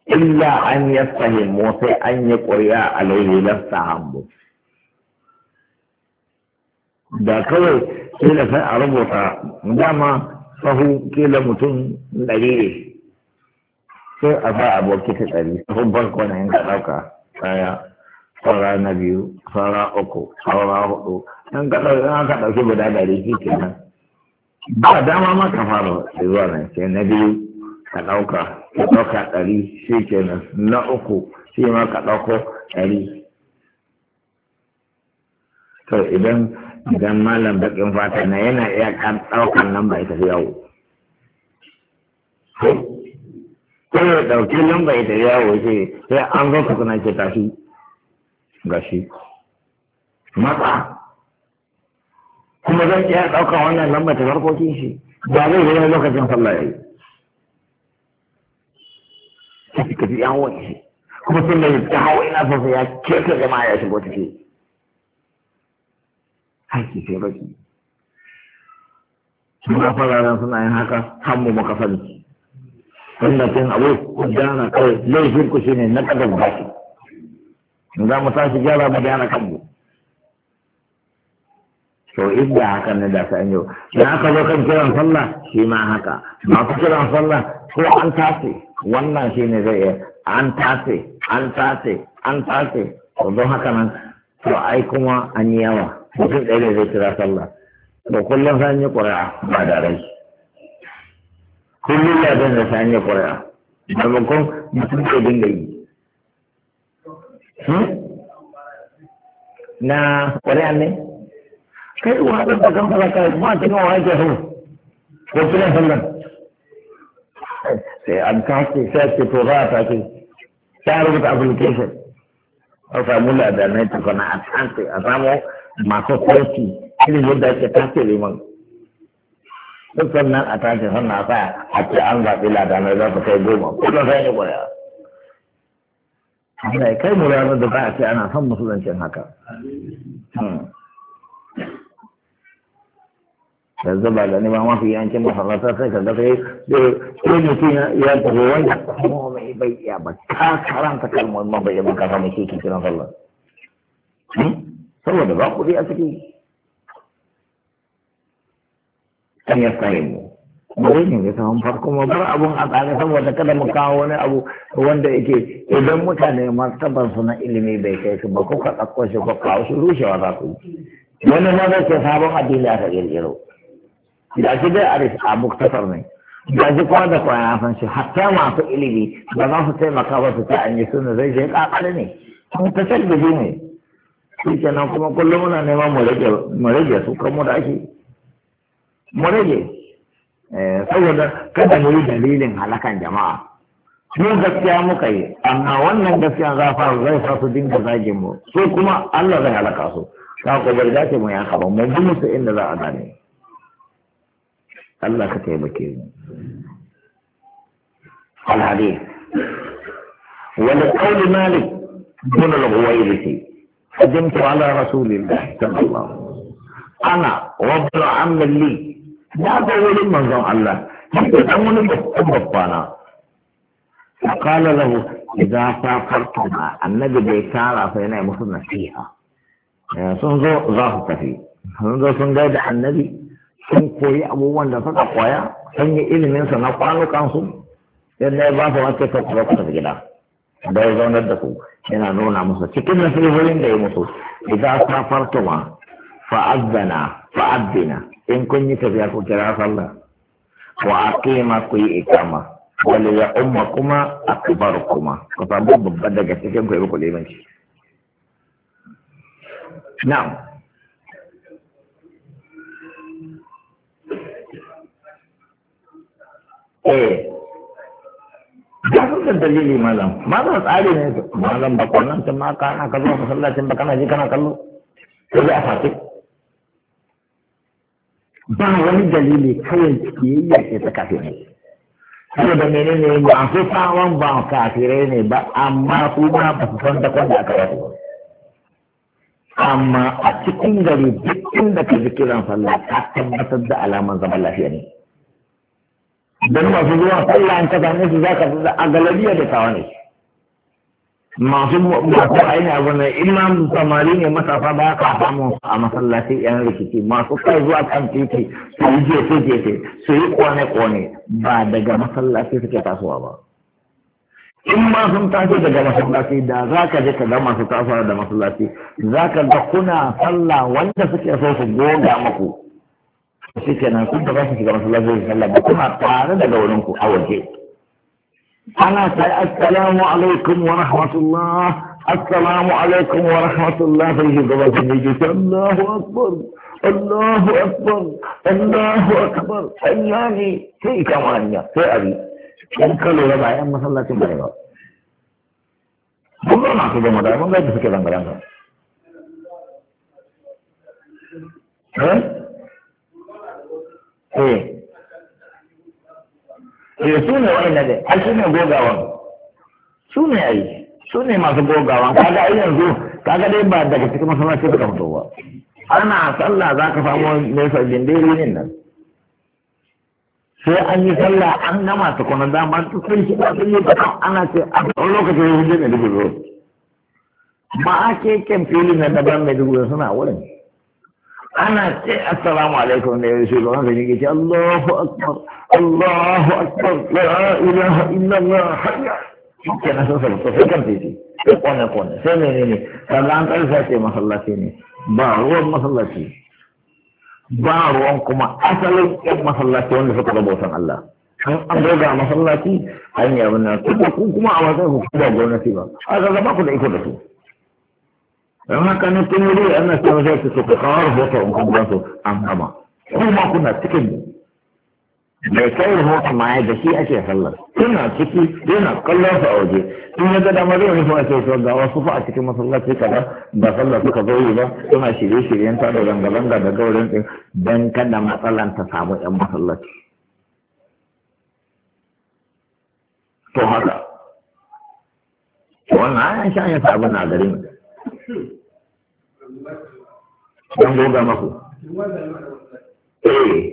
illa an yastahimu sai an yi ƙuri'a alaihi lastahammu da kawai da sai a rubuta dama sahu ke kila mutum ɗari ne sai a sa aboki ta ɗari sahun farko na yin ka ɗauka ɗaya saura na biyu saura uku saura hudu in ka ɗauki in ka ɗauki guda ɗari shi ke nan ba dama ma ka fara zuwa nan sai na biyu ka ɗauka ka ɗauka ɗari shi kenan na uku shi ma ka ɗauko ɗari to idan idan malam bakin fata na yana iya kan ɗaukan nan ba ita yawo ko ya ɗauki lamba ita yawo ce sai an zo tukuna ce tashi shi matsa kuma zan iya ɗaukan wannan lambar ta farkokin shi ba zai yi lokacin sallah ya yi tafi ya hawa shi kuma sun da ya hawa ina son ya keta jama'a ya shigo take haiki sai baki suna fararen suna yin haka hannu maka sani wanda sun abu gudana kawai laifin ku shine na ƙasar baki za mu tashi gyara mu gyara kanmu to inda haka ne da sa yau da aka zo kan kiran sallah shi ma haka masu kiran sallah ko an tashi wannan shi ne zai an tase, an tase, an tase. to don haka nan to ai kuma an yi yawa mutum ɗaya ne zai kira sallah to kullum sai an yi ƙuri'a ba da rai kullum labin da sai an yi ƙuri'a maimakon mutum ke dinga yi hmm? na ƙuri'a ne kai uwa da kan fara kai ma cikin wa ake so ko kiran sallah Eh, sai an kafin sai ce to ba a tashi sai rubuta application a samu ladanai tukuna a tashi a samu masu kofi irin yadda ake tashi liman duk sannan a tashi sannan a sa a ce an zaɓi ladanai za su kai goma ko da sai ne ƙwaya Allah ya kai mu ranar da za a ce ana son musulunci haka. Hmm. yanzu ba gani ba mafi yancin masallata sai ka ga sai ko mutum ya tafi wanda kuma mai bai iya ba ka karanta kalmomin ma bai iya ka samu shi ki kiran sallah hmm? saboda ba kuɗi a ciki kan ya tsare mu bare ne ya samu farko ma bar abun a tsare saboda kada mu kawo wani abu wanda yake idan mutane martaban su na ilimi bai kai su ba kuka ɗauko shi ko kawo shi rushewa za ku yi wani ma zai ce sabon addini aka ƙirƙiro da shi dai arif a muktasar ne da shi kuma da kwaya san shi hatta masu ilimi ba za su taimaka ba su ta an yi suna zai shi kakar ne kuma ta shalbiji ne shi kenan kuma kullum muna neman mu rage su kan mu da ake mu rage eh, saboda kada mu yi dalilin halakan jama'a mu gaskiya muka yi amma wannan gaskiya za fara zai sa su dinga zage mu su kuma Allah zai halaka su ta ko barga ce mu ya kaba mu bi musu inda za a gane Allah ka taimake mu الحديث ولقول مالك دون الغويرة قدمت على رسول الله صلى الله عليه وسلم أنا رب عم لي لا تقول من زم الله يتأمون بطبطانا فقال له إذا سافرتما النبي بيسارة فينا مسلم فيها يعني سنزو ظاهر فيه سنزو سنجد النبي sun koyi abubuwan da suka koya sun yi ilimin sa na kwanukan su yadda ya ba su wace ta kuma kusa gida da ya zaunar da ku yana nuna musu cikin nasihohin da ya musu idan safartuma fa'azzana fa'azzina in kun yi tafiya ku kira sallah wa aqima ku yi ikama wala ya umma kuma akbar kuma ku samu babba daga cikin ku yi ku limanci na'am eh ya da dalili malam malam tsari ne malam ba kwanan tun ma kana ka zo masallacin ba kana ji kana kallo ko da fati ba wani dalili kawai kiyayya ce ta kafirai saboda menene ba su fawon ba kafirai ne ba amma su ma ba su san da kwanda aka wasu ba amma a cikin gari duk inda ka ji kiran sallah ka tabbatar da alaman zaman lafiya ne don masu zuwa sallah ka same su za ka fi a galabiya da kawo ne masu masu aini abu ne imam samari ne matasa ba ka samu a masallaci yan rikici masu kai zuwa kan titi su yi jefe jefe su yi kone kone ba daga masallaci suke tasowa ba in ma sun daga masallaci da za ka je ka ga masu tasowa da masallaci za ka ga kuna sallah wanda suke so su goga maku shi kenan kun da za su shiga masallaci da sallah ba kuna tare daga wurin ku a waje ana sai assalamu alaikum wa rahmatullah assalamu alaikum wa rahmatullah sai shi gaba sun yi Allahu akbar Allahu akbar Allahu akbar Allah ne sai kama hanya sai abi in ka lura ba yan masallacin ba ne ba mun ga masu gama da mun ga da suke zanga-zanga eh? eh eh su ne wa'ina dai ai su ne gogawan su ne ai su ne masu gogawa, kaga ai yanzu kaga dai ba daga cikin masallaci suka fito ba ana sallah za ka samu nesa jindiri ne nan sai an yi sallah an na masu kuma dama ta sun shi ba sun yi ba ana ce a tsawon lokacin yin jini dubu zuwa. ba a ke fili na daban mai dubu suna wurin ana ce assalamu alaikum ne shi ruwan zai yake ce Allahu akbar Allahu akbar la ilaha illallah hayya ke na san sabata sai kan titi kone kone sai ne ne sallan karsa ce masallaci ne ba ruwan masallaci ba ruwan kuma asalin yan masallaci wanda suka rabautan Allah an doga masallaci an yi nan kuma a matsayin ku gwamnati ba a zama ku da iko da su amma kanin tun wuri ana cewa zai su suka kawar hoto in kun gansu an gama kuma kuna cikin mai kai rahoton ma da shi ake sallar yana ciki yana kallon sa a waje in ya ga dama zai rufe a cikin ga wasu fa a cikin masallaci kaza ba sallar suka zo yi ba suna shirye-shiryen ta da zanga-zanga da gaurin din don kada matsalan ta samu yan masallaci to haka wannan an sha yin sabon a garin don goga maku so eh, eh.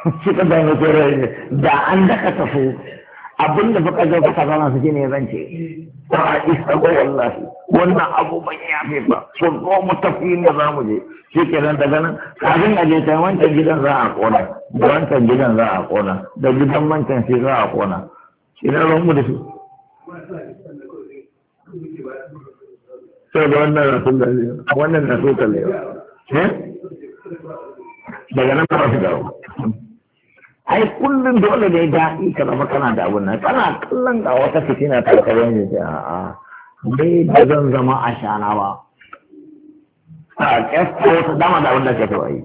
suka da na da an daka tafi abinda baka zo ka zama su ne zance ba a isa ba wallahi wannan abu ban ya fi ba so ko mu tafi inda za mu je shi ke nan daga nan kafin a je ta wancan gidan za a kona da wancan gidan za a kona da gidan wancan shi za a kona shi na ruwan mu da su. sai da wannan na sun galewa wannan na sun galewa eh? daga nan ba su dawo ai kullum dole ne daɗi ka zama kana da abun nan kana kallon ga wata fitina ta ka ne yi a'a dai da zan zama a shana ba a kyasta wata dama da abun da ka taɓa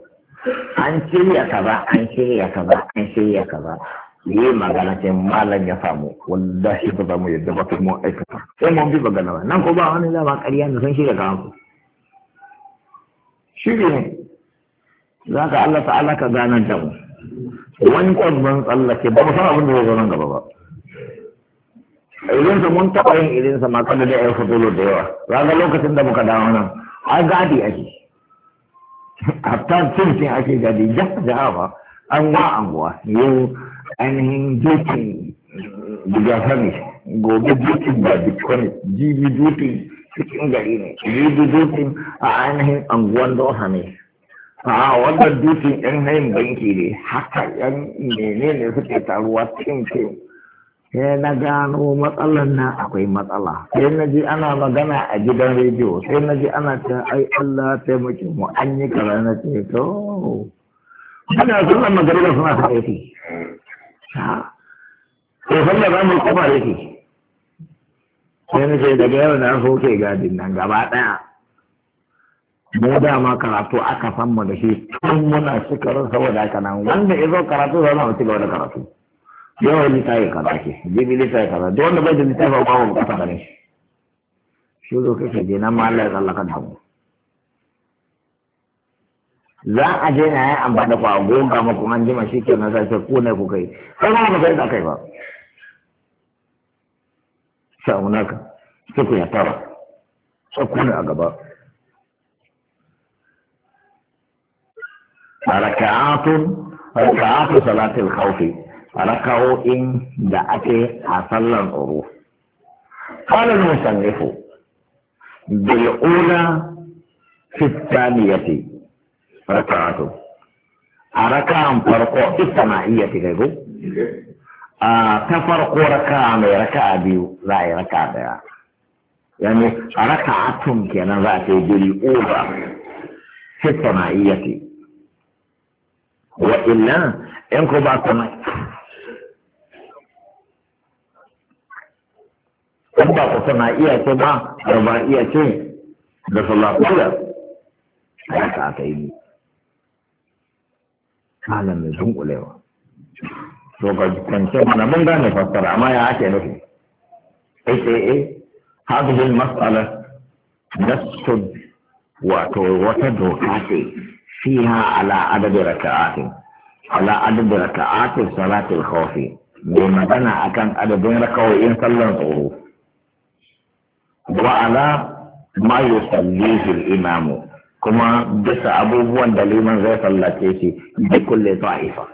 an shirya kaza an shirya kaza an shirya kaza yi magana ce malam ya samu wallahi ba za mu yadda ba kuma aikata sai mun bi magana ba nan ko ba wani zama ƙarya da sun shirya kawan ku shirya za ka Allah ta'ala ka ganar da mu Wani ban tsallake ba musamman san abin da zai zo nan gaba ba irinsa mun taɓa yin irinsa ma kan da aiki fitolo da yawa ga lokacin da muka dawo nan a gadi ake hatta cin cin ake gadi jaha ba an wa anguwa yau ainihin jokin bugafani gobe jokin ba bitcoin jibi jokin cikin gari ne jibi jokin a ainihin anguwan dosa ne a wannan dutsen yan hain banki ne haka yan mene ne suke taruwa cin cin sai na gano matsalar na akwai matsala sai na ji ana magana a gidan rediyo sai na ji ana ta ai Allah taimake mu an yi kara na ce to ana sallar magariba suna ta aiki to sallar za mu kuma aiki sai na ce daga yau na soke gadin nan gaba daya mu ma karatu aka san mu da shi tun muna shekarun saboda haka nan wanda ya zo karatu zama a cigaba da karatu yawan littafi kaza ke jibi littafi kaza duk wanda bai da littafi ba ba kasa gare shi shi zo kake je nan ma Allah ya tsallaka da mu za a je na yi amfani da kwa gonga kuma an jima shi ke na zace ko ne ku kai kai ma ba kai da kai ba sa'unaka suku ya tara sakuna a gaba raka'atu salatil khawfi raka'o'in da ake a sallar tsoro kalan musallifu bil ula fitaniyati raka'atu a raka'an farko fitaniyati kai ko a ta farko raka'a mai raka'a biyu za a yi raka'a daya yani a raka'atun kenan za a ce bil ula fitaniyati wa illa in ku ba komai in ba ku sana iya ce ba da ba iya ce da sallatullah ya ta aka yi kalan mai dunkulewa to ka kwance mana mun gane fassara amma ya ake nufi aka hadhihi al-mas'ala nassun wato wata doka ce فيها على عدد ركعات على عدد ركعات صلاة الخوف ومدنا أكان عدد ركعوين صلى الظهور وعلى ما يصليه الإمام كما بس أبوه دليما زي صلى بكل طائفة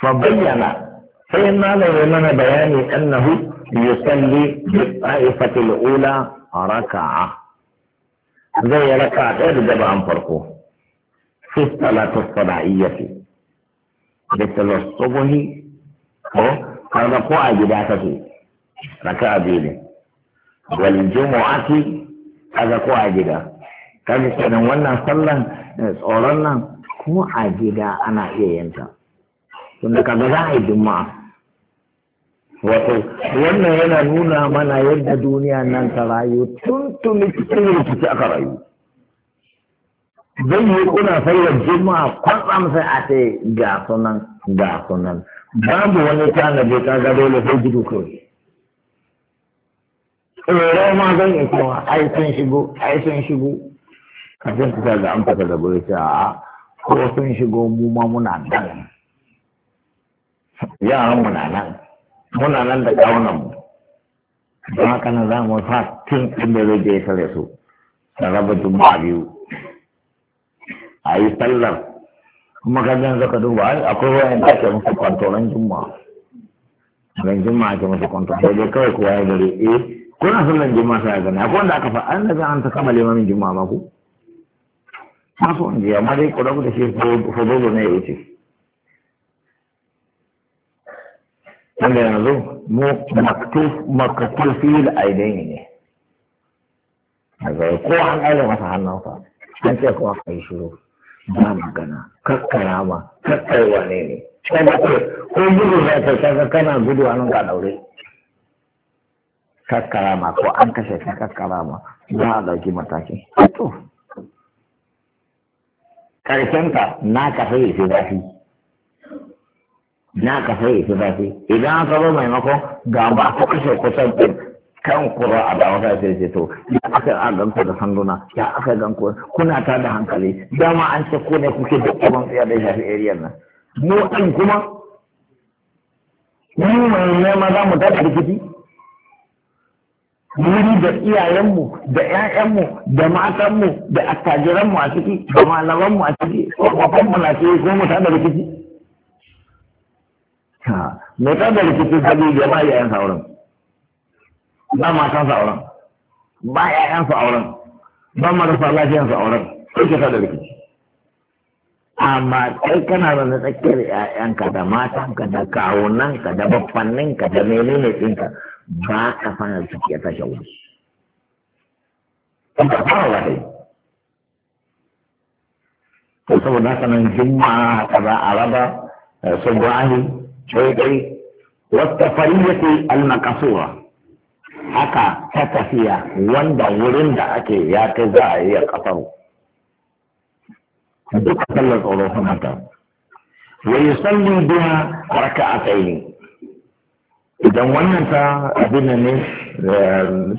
فبين فإن لنا بياني أنه يصلي بالطائفة الأولى ركعة zai raka ɗaya da an farko fi salatu sada'iyyati da tsogoni, ko kaga ko a gida ta kake raka a biyu ne wal a ga ko a gida kaga sanin wannan sallan eh, tsoron nan ko a gida ana iya yanta tunda kaza za a yi juma'a wato wannan yana nuna mana yadda duniya nan ta rayu tun tuni cikin rikici aka rayu zan yi kuna sayar juma'a kwatsam sai a ce ga sunan ga sunan babu wani tanadi ka ga dole sai gudu kawai tsoron ma zan yi kuma ai sun shigo ai sun shigo kafin ta ga an fata da buri a ko sun shigo mu ma muna nan yaran mu na nan muna nan da ƙaunan mu don haka nan za mu sa tun inda zai je sare su da raba juma'a biyu a yi sallar kuma ka gan zaka duba ai akwai wayan da ake musu kwantoran juma'a ran juma'a ake musu kwantoran da dai kawai kowa ya gare eh kuna sallar juma'a sai gani akwai wanda aka fa an da an ta kama limamin juma'a ma ku na so in je amma dai ku rabu da shi fa dogo ne ya wuce wanda yanzu mu makatufi da ainihi ne a zai ko an aida masa hannunsa an ce kuma kai shiru ba magana kakkara ma kakkai wane ne sai ba ce ko gudu zai ta kaga kana gudu a nan ga daure kakkara ma ko an kashe ka kakkara ma za a ɗauki mataki to karshenta na kafa ya fi zafi na ka sai ba zafi idan aka zo maimakon ga ba ku kashe kusan ɗin kan kura a ba wata sai ce to ya aka aganku da sanduna ya aka ganku kuna ta da hankali dama an ce ko ne kuke da kuma tsaye da shafi ariyar nan mu ɗin kuma mu mai nema za mu taɓa rikici wuri da iyayenmu da 'ya'yanmu da matanmu da attajiranmu a ciki da malamanmu a ciki ko kwafanmu na ce ko mu taɓa rikici ha me ta da rikicin sabi da ba yayan sa auren ba matan sa auren ba yayan sa auren ba marasa lafiyan sa auren sai ka da rikici amma kai kana da na tsakiyar ƴaƴanka da matanka da kawunanka da baffanninka da menene ɗinka ba ka fara ciki ya tashi wuri ba fara wata to saboda haka nan jimma kaza araba eh, subrahi daidai wattafariyati almakasura haka ta tafiya wanda wurin da ake ya kai za a iya kafaru duka sallar tsoro kuma ta wa yusalli biha raka'atayn idan wannan ta abin ne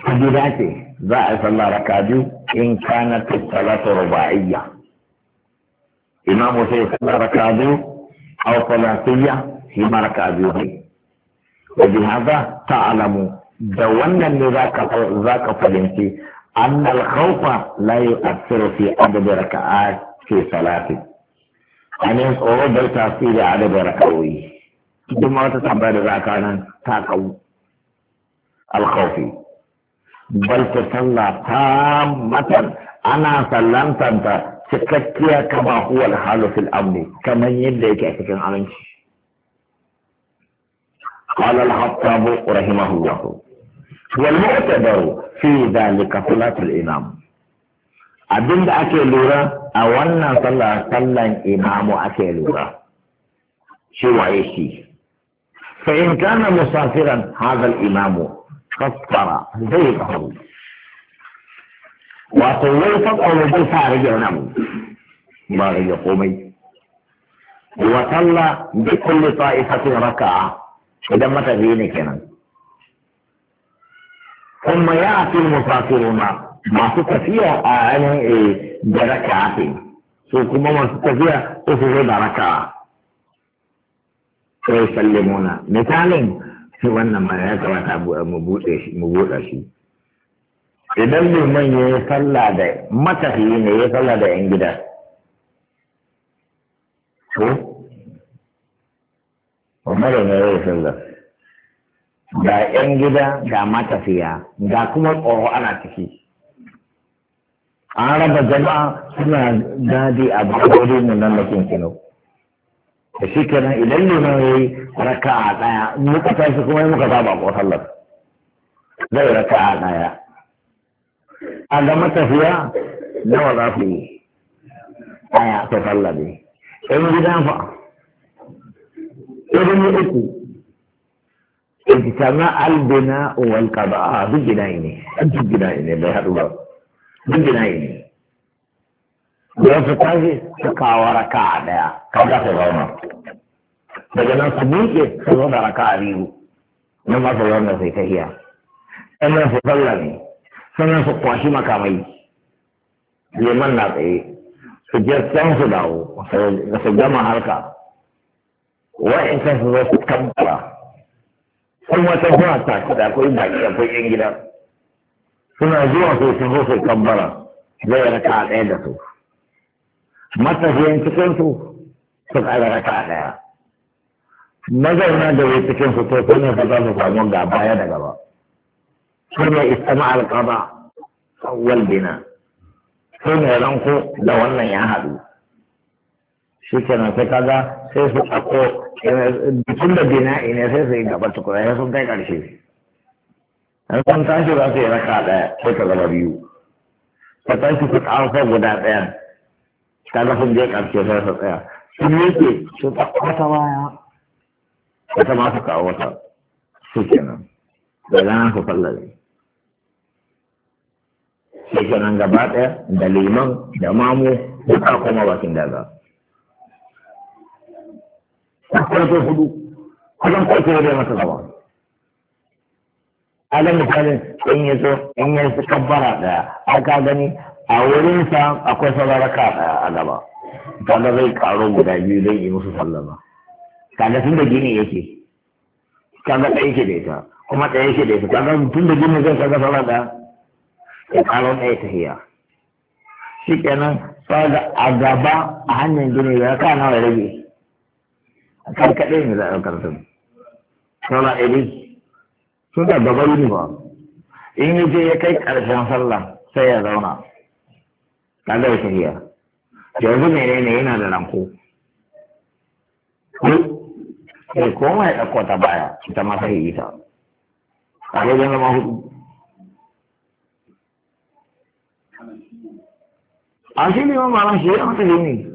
ta gida ce za a yi sallah raka biyu in kana ta salatu ruba'iyya imamu sai sallah raka biyu aw salatiyya shi maraka abin yi haza ta alamu da wannan ne za ka fahimci an alkhaufa layi a a adada raka a ke salafi a ne tsoro bai tasiri a adada raka wuyi cikin ma wata tambaya da za zaka nan ta kawo alkhaufi bal ta salla ta matan ana sallantanta cikakkiya kama huwa halu fil amni kaman yadda yake a cikin aminci قال الخطاب رحمه الله والمعتبر في ذلك صلاة الإمام أبن أكيلورا أولنا صلى صلى الإمام أكيلورا شو عيشي فإن كان مسافرا هذا الإمام قصر بيته وطولت قلوب الفارج نم ما قومي وصلى بكل طائفة ركعة idan matafiyi ne kenan kuma ya ati musafiruna masu tafiya a a eh, da raka so kuma masu tafiya ko su zai da raka sai muna misalin sai wannan ma ya kamata mu buɗe shi idan liman ya yi salla da matafiyi ne ya salla da yan gida Umar ne ya sallah. Ga ‘yan gida ga matafiya ga kuma tsoro ana ciki. An raba jama'a suna dadi a bakwai mu nan na kino. Da shi kenan idan nuna ya yi raka a ɗaya, muka tashi kuma yi muka saba ko sallar. Zai raka a ɗaya. A ga matafiya nawa za su yi. Ɗaya ta sallar ne. ‘Yan gida fa irin uku ijtama albina wal qada'a duk ginayi ne duk ginayi ne bai haɗu ba duk ginayi ne da su tashi su kawo raka a ɗaya kan za su zauna daga nan su buɗe su zauna raka a biyu nan ba su zauna sai ta iya sannan su ne sannan su kwashi makamai liman na tsaye su je can su dawo su gama harka wa'in kan su zai su kamfa sun wata kuna tashi da akwai baki akwai yan gida suna zuwa su sun zo su kambara zai raka ɗaya da su matafiyan cikin su su ƙara raka ɗaya mazauna da wai cikin su to sun su za su samu ga baya da gaba sun ya istama alƙaba wal bina sun ne ranko da wannan ya haɗu shi sai kaga sai su ɗauko bikin eh, da bina'i ne sai su yi gaba tukura sai sun kai ƙarshe an sun tashi za su yi raka ɗaya sai ka zama biyu ka tashi su ƙarfa guda ɗaya kaga sun je ƙarshe sai su tsaya sun yake su ɗauko wata baya wata ma su kawo wata shi kenan da nan su fallare shi kenan gaba ɗaya da liman da mamu duka kuma bakin daga. kwanto hudu kusan kwanto ya zai mata zama ala misali in ya zo in ya su kabbara daya a ka gani a wurin sa akwai sararaka daya a gaba kaga zai karo guda biyu zai yi musu sallama kada tun da gini yake kaga ɗaya yake da ita kuma ɗaya yake da ita kada tun da gini zai kaga sallar daya ya karo ɗaya tahiya shi kenan sai a gaba a hanyar gini ya ka nawa ya rage kai kaɗai ne za a ɗaukar su sallah ɗari sun da gaba yini ba in yi je ya kai ƙarshen sallah sai ya zauna kaga ya tafiya yanzu mene ne yana da ranko sai koma ya ɗauko ta baya ita ma sai yi ta a wajen zama hudu a shi ne ma ba shi ya mutu ne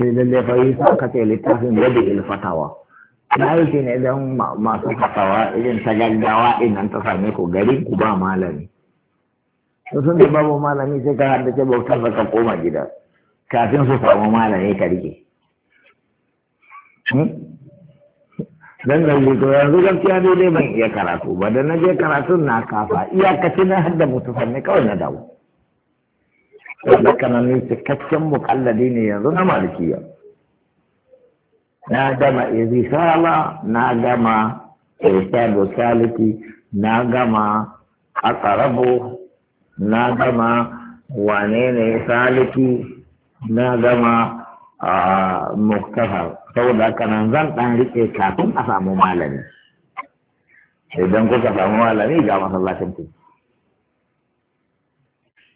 sai da fa yi sa littafin yadda ilfatawa na yi shi ne don masu fatawa irin ta gaggawa din ta same ku gari ku ba malami sun da babu malami sai ka haddace bautar da ka koma gida kafin su samu malami ka rike hmm? dan da yanzu gaskiya dai ban iya karatu ba da na je karatun na kafa iyakaci na hadda mutu sanne kawai na dawo wanda nan cikakken mukalladi ne yanzu na malikiya na gama irisala na gama irsalu saliki na gama akarabo na gama wane ne saliki na gama a muktahar saboda haka zan ɗan riƙe kafin a samu malami idan kuka samu malami ga masallacin kuma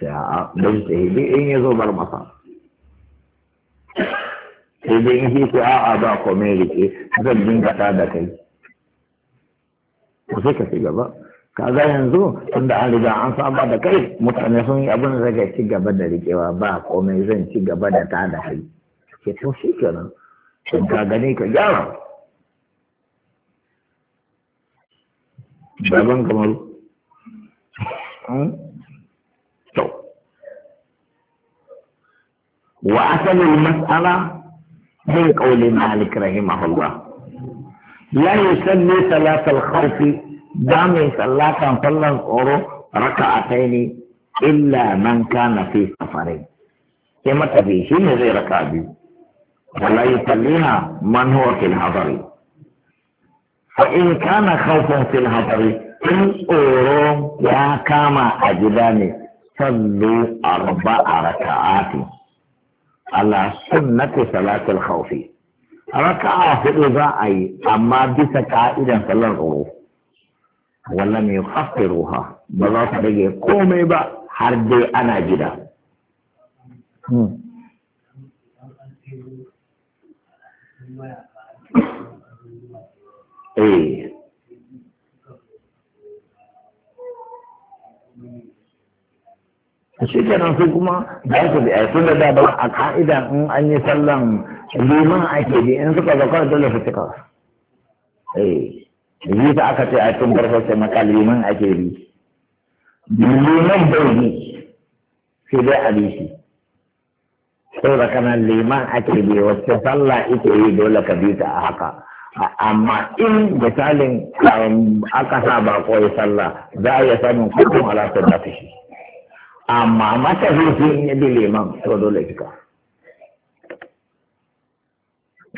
sai a don in ya zo bar masa sai dai in shi a'a ba komai rike zan dinga da kai ku sai ka ci gaba kaga yanzu tunda an riga an saba da kai mutane sun yi abin da ci gaba da rikewa ba komai zan ci gaba da ta da kai ke to shi kenan shin ka gani ka gyara baban kamaru hmm? وأصل المسألة من قول مالك رحمه الله لا يسمي صلاة الخوف دام صلاة صلى الظهر ركعتين إلا من كان في سفر كما تفيه شيء زي ركعة ولا يصليها من هو في الحضر فإن كان خوف في الحضر إن أورو يا كما أجداني صلوا أربع ركعات ala sunnati salatul khawfi raka'a hudu za a yi amma bisa ka'idan salar tsoro wallan ya kafiruha ba za su rage komai ba har dai ana gida eh shi kenan su kuma da aka da sun da ba a ka'ida in an yi sallan liman ake bi in suka zakar dole su suka eh yi ta aka ce a cikin farko sai maka liman ake bi liman bai bi sai dai a bi shi sau da kana liman ake bi wacce sallah ake yi dole ka bi ta a haka amma in misalin um, aka sa ba koyi sallah za a iya samun kudin alaƙar da ta shi amma mata zurfi in ya bi liman to dole kika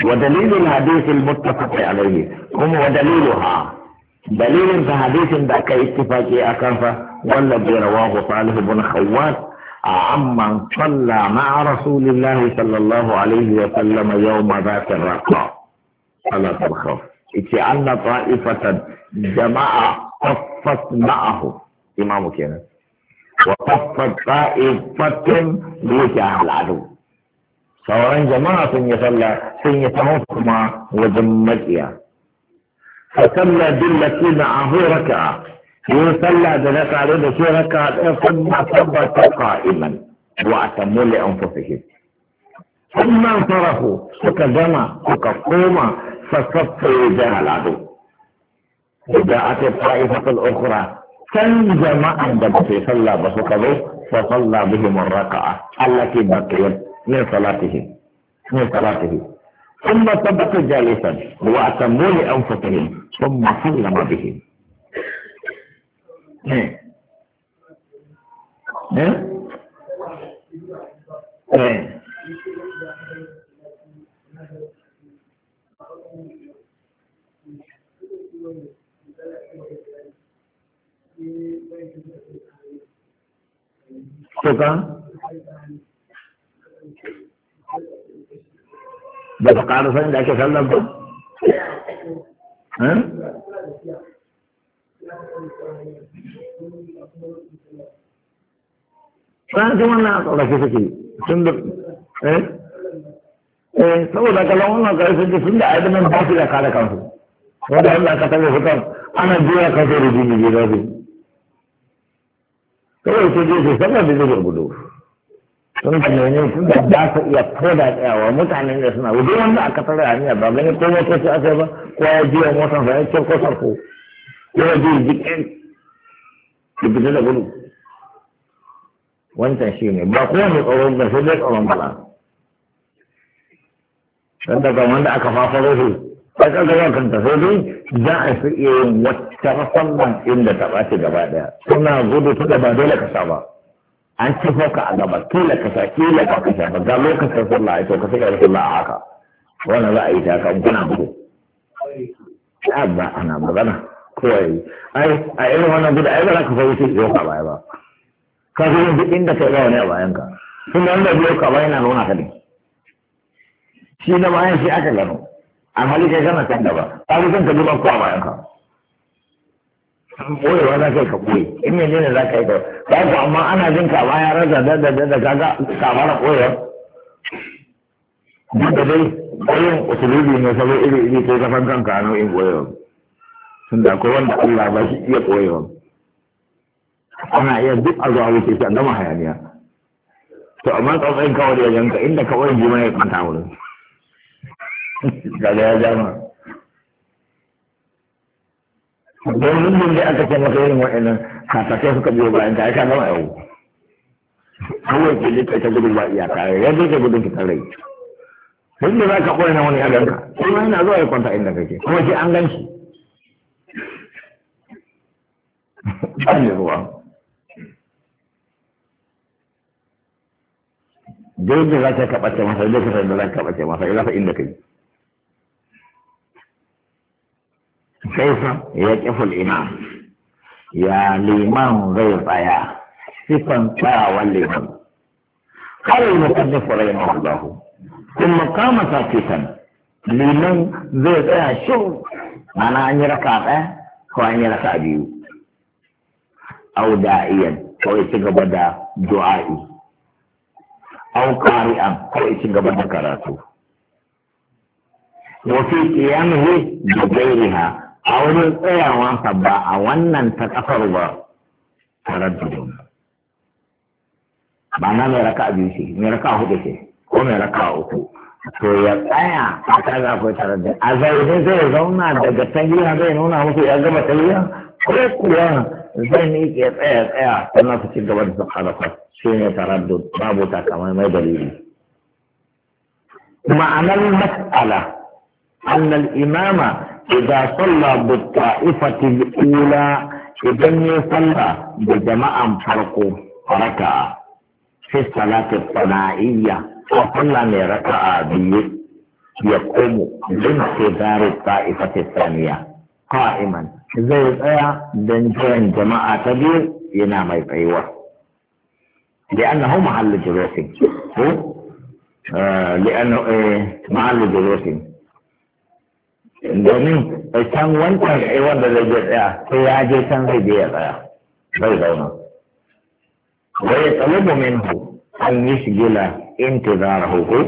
wa dalilul hadithil muttafaq alayhi kuma wa daliluha dalilin ta hadisin da aka ittifaqi akan fa wanda bi rawahu salih ibn khawwat amman salla ma'a rasulillahi sallallahu alaihi wa sallam yawma dhati raqa ala tarkhaf ita anna ta'ifatan jama'a qaffat ma'ahu imamu kenan وقفت طائفة ليجعل العدو sauran jama'a sun yi sallah sun yi sahun kuma wajen makiya fa sallah billati na ahu raka'a yin sallah da na tare da shi raka'a ɗaya sunna tabbata qa'iman wa atammu li anfusihim thumma sarafu suka gama suka koma fa saffa ya jaladu da aka fa'ifatul ukhra can jama'an da ba su yi sallah ba su zo fa sallah bihim raka'a allati baqiyat min salatihi min salatihi ثم ثبت جالسا واتموا لانفسهم ثم سلم بهم. ايه؟ ايه؟ da sanin da ake kallon ba Sa'an eh? wannan a tsoraki suke sun da eh eh saboda kalan wannan kai sun da sun da nan ba su da kare kansu wanda Allah ka tabbata kan ana biya kansu da jini da zai kawai sai je sai sallar da zai gudu sun tunanin sun da ba su iya da tsayawa mutanen da suna wajen wanda aka tare a niyar ba gani ko motoci aka ba ko ya wa motar sa ya ce ko sarko ko ya ji jikin ya fita da gudu wancan shi ne ba kowane tsoron ba sai dai tsoron bala don daga wanda aka fafa shi sai kaga gaba kanta sai dai za a fi iya yin wata musamman inda ta ɓaci gaba ɗaya suna gudu ta ba dole ka saba. ba an tafi ka a gaba kila kasa kila ka kasa ba ga lokacin sallah ya sauka sai ka rufe a haka wannan za a yi taka guna bugu ba ana magana kawai ai a irin wannan gudu ai ba za ka fa wuce yau ka baya ba ka zo yin duk inda kai ba ne a bayan ka sun da wanda biyo ka baya na nuna ka ne shi na bayan shi aka gano a halittar kana can gaba ta fi son ka duba ko bayan ka boyewa za ka yi ka boye in ne ne za ka yi ka ba ku amma ana jin ka ba ya raza da da da kaga ka fara boyewa duk da dai boyen usulubi ne sabo iri iri kai kafan kanka a nau'in boyewa tun da akwai wanda Allah ba shi iya boyewa ana iya duk a zuwa wuce shi a gama hayaniya to amma tsautsai kawai ya ganka inda kawai jima ya kwanta wurin kaga ya jama domin mun da aka ce maka irin wa'annan katakai suka biyo bayan ta aika gama yau kawai ke jika ita gudun ba iyaka ya zai ka gudun fitar rai duk da za ka koya na wani a ganka kuma yana zuwa ya kwanta inda kake kuma shi an gan shi ɗan ruwa duk da za ka kaɓace masa duk da za ka kaɓace masa ya zafa inda kai kaifa ya kiful imam ya liman zai tsaya sifan tsawa liman قال المصنف رحمه الله ثم قام ساكتا liman zai tsaya shin mana an yi raka ɗaya ko an yi raka biyu au da ko kawai ci gaba da du'a'i au qari'an ko ya ci gaba da karatu wa fi qiyamihi bi a wurin tsayawansa ba a wannan ta kafar ba taraddudun ba na mai raka biyu ce mai raka hudu ce ko mai raka uku to ya tsaya a kaga akwai taraddud a zaune zai zauna daga tahiya zai nuna musu ya gama tahiya ko kuwa zai miƙe tsaya tsaya sannan su ci gaba da saharafa shi ne taraddud babu takamaimai dalili ma'anar mas'ala annal imama إذا صلى بالطائفة الأولى إذن يصلى بجماعة فرق ركعة في الصلاة الصناعية وصلى من ركعة يقوم بانتظار الطائفة الثانية قائما زي الآية جين جماعة تبير ينام يطيوه لأنه محل جلوس آه لأنه إيه محل جلوس domin can wancan ai wanda zai je tsaya sai ya je can zai je ya tsaya zai zauna wai ya domin minhu an yi ta zara ko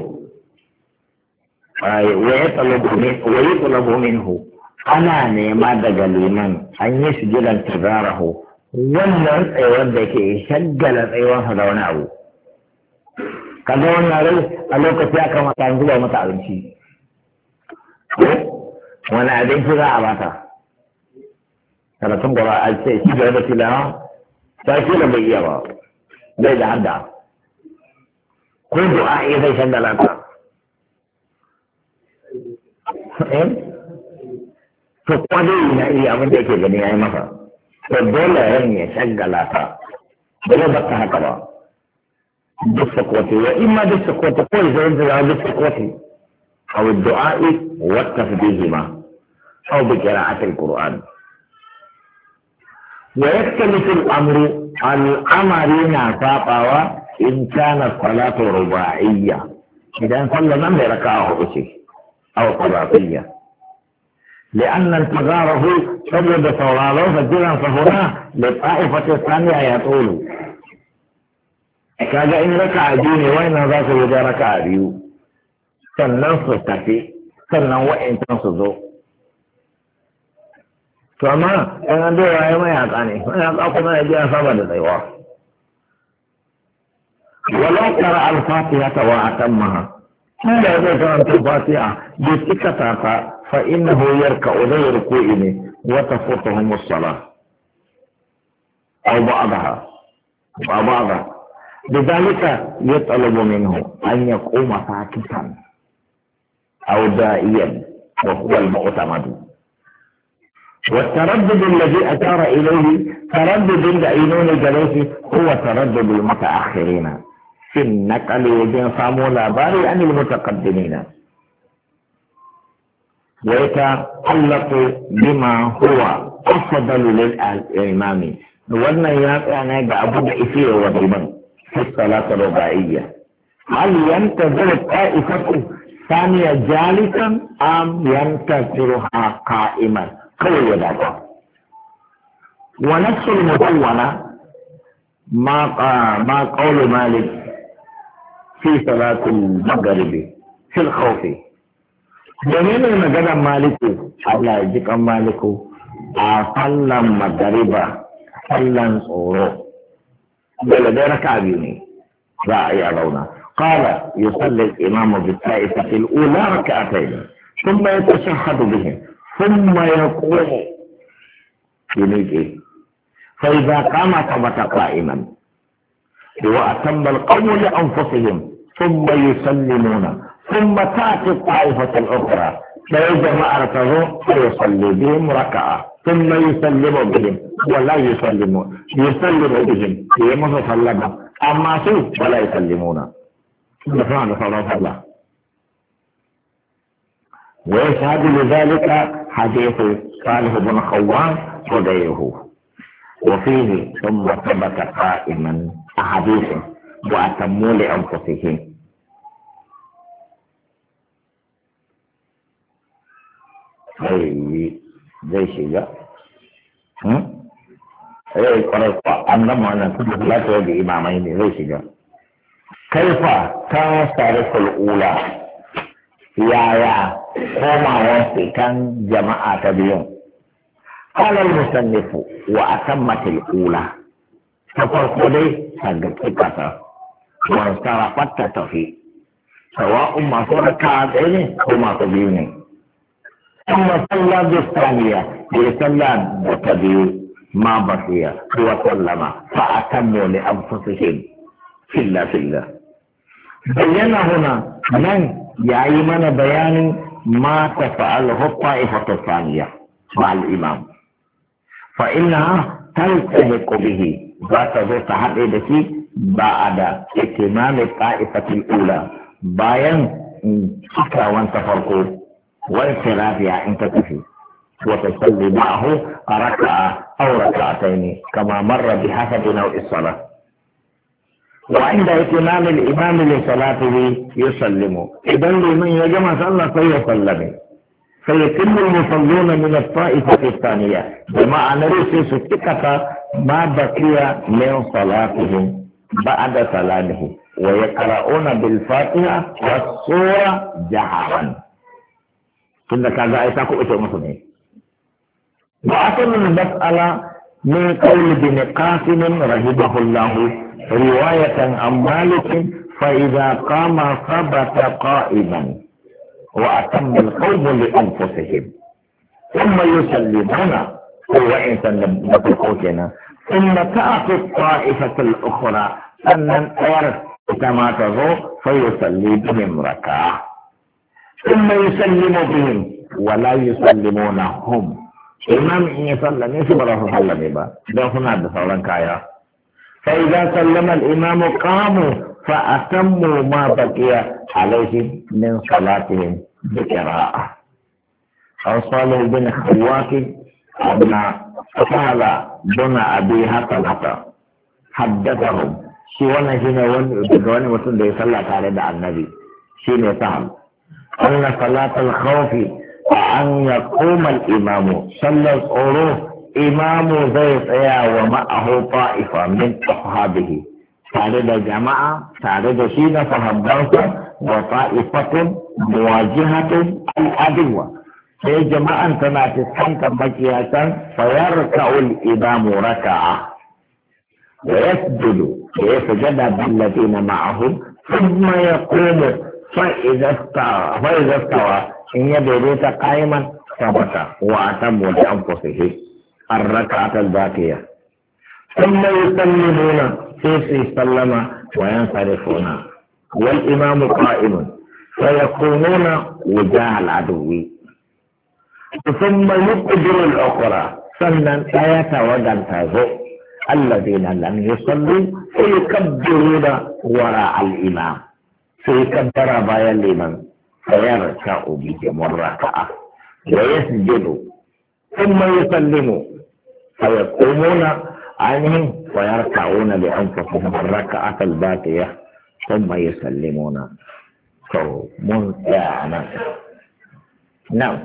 wa ya domin minhu ana nema daga liman an yi shigilan tazarahu wannan tsayuwar da ke shaggala tsayuwarsa da wani abu kaga wannan rai a lokaci aka mata an zuba mata abinci wani abinci za a bata karatun gaba a ce shi gaba da filawa ta kila bai iya ba bai da hadda ko du'a ya zai shan dalata to kuma dai na iya abin da yake gani ya yi masa to dole ran ya shagala ta ba zai baka haka ba duk sakwati wa imma duk sakwati ko ya zai zai duk sakwati a du'a wa tafdihima أو بقراءة القرآن ويختلف الأمر الأمر نافاقا إن كانت صلاة رباعية إذا صلى من بركعه أشي أو ثلاثية لأن انتظاره سبب صلاله فجرا فهنا للطائفة الثانية يطول kaga in raka biyu ne wannan za su yi raka biyu sannan su tafi sannan wa'incan su zo فما انا دو هاي ما يعطاني ما يعطاك ما يجي اصابه لطيوة ولو ترى الفاتحة واتمها هل يجب ان تفاتحة بسكتاتا فإنه يركع ذي ركوئني وتفوتهم الصلاة أو بعضها أو بعضها لذلك يطلب منه أن يقوم ساكتا أو دائيا وهو المعتمد والتردد الذي أشار إليه تردد دعينون جلوسي هو تردد المتأخرين في النقل وجن صامولا باري عن المتقدمين ويتعلق بما هو أفضل للإمام وأن انا يعني بعبد إفيه وضمن في الصلاة الرباعية هل ينتظر الطائفة ثانية جالسا أم ينتظرها قائما kawai ya dafa ونفس المدونة ما ما قول مالك في صلاة المغرب في الخوف جميل المجال مالك الله يجيك مالك أصلى المغرب صلى صوره بل ذلك عبيني لا يرون قال يصلي الإمام بالطائفة الأولى ركعتين ثم يتشهد بهم ثم يقوم يميكي فإذا قام ثبت قائما وأتم القوم لأنفسهم ثم يسلمون ثم تأتي الطائفة الأخرى فإذا ما أرتضوا فيصلي بهم ركعة ثم يسلم بهم ولا يسلمون يسلم بهم صلى الله أما سوء ولا يسلمون سبحان الله ويشهد لذلك حديث صالح بن خوان وغيره وفيه ثم ثبت قائما احاديثه وأتموا لأنفسهم أي زي شيء أي قرأت أنهم أن كل لا تولي إمامين زي شيء كيف تعرف الأولى yaya komawar kan jama'a ta biyun kalal musannifu wa a atammatil ula ta farko dai sagaki kasa wa sarafat ta tafi sawa'un masu raka ɗaya ne ko masu biyu ne amma sallah da saniya da sallah da ta biyu ma basiya wa sallama fa a an li anfusihim filla filla bayyana huna nan ya yi mana bayanin ma ta fa'al hukwa ifata saniya ma'al imam ba ina taltahiqu bihi za ta zo ta haɗe da shi ba a da itimami ƙa’ifatin ula bayan cikawan ta farko wani rafiya in ta tafi وتصلي معه ركعة أو ركعتين كما مر بحسب نوع الصلاة وعند اتمام الإمام لصلاته يسلم إذا لمن يجمع صلى فيسلم فيتم المصلون من الطائفة الثانية بمعنى رسي ستكة ما بقي من صلاتهم بعد سلامه ويقرؤون بالفاتحة والصورة جهرا كنا كذا يتاكو إتو مسلمين وأصل المسألة من قول بن قاسم رحمه الله riwayat yang ammalikin fa'idha qama sabata qa'iman wa atammal qawmu li anfusihim thumma yusallimuna huwa insan nabi khujana thumma ta'atu ta'ifatu al-ukhra sannan ayar ita ma ta zo fa yusalli bihim raka thumma yusallimu bihim wa la yusallimuna hum imam in ya sallame su ba za su sallame ba don suna da sauran kaya فإذا سلم الإمام قاموا فأتموا ما بقي عليه من صلاتهم بقراءة أو صالح بن خواتي أن سهل بن أبي هطلة حدثهم shi wannan shi ne daga wani mutum da ya salla tare da annabi shi ne sahal anna salatul a an ya imamu sallar tsoro imamu zai tsaya wa ma'ahu ta'ifa min ashabihi tare da jama'a tare da shi da sahabbansa wa ta'ifatun muwajihatun sai jama'an tana fuskantar makiyatan fayar ka'ul imamu raka'a wa yasjudu ya sujada billadina ma'ahu thumma ya فإذا ta فإذا استوى Wa a قائما ثبت وأتموا لأنفسه الركعة الباقية ثم يسلمون في سلم وينصرفون والإمام قائم فيكونون وجاه العدو ثم يقدر الأخرى سنن آية وجن الذين لم يصلوا فيكبرون وراء الإمام فيكبر بايا الإمام فيركع بهم الركعة ويسجد ثم يسلموا فيقومون عنهم ويركعون بأنفسهم الركعة الباقية ثم يسلمون قوم يعمل نعم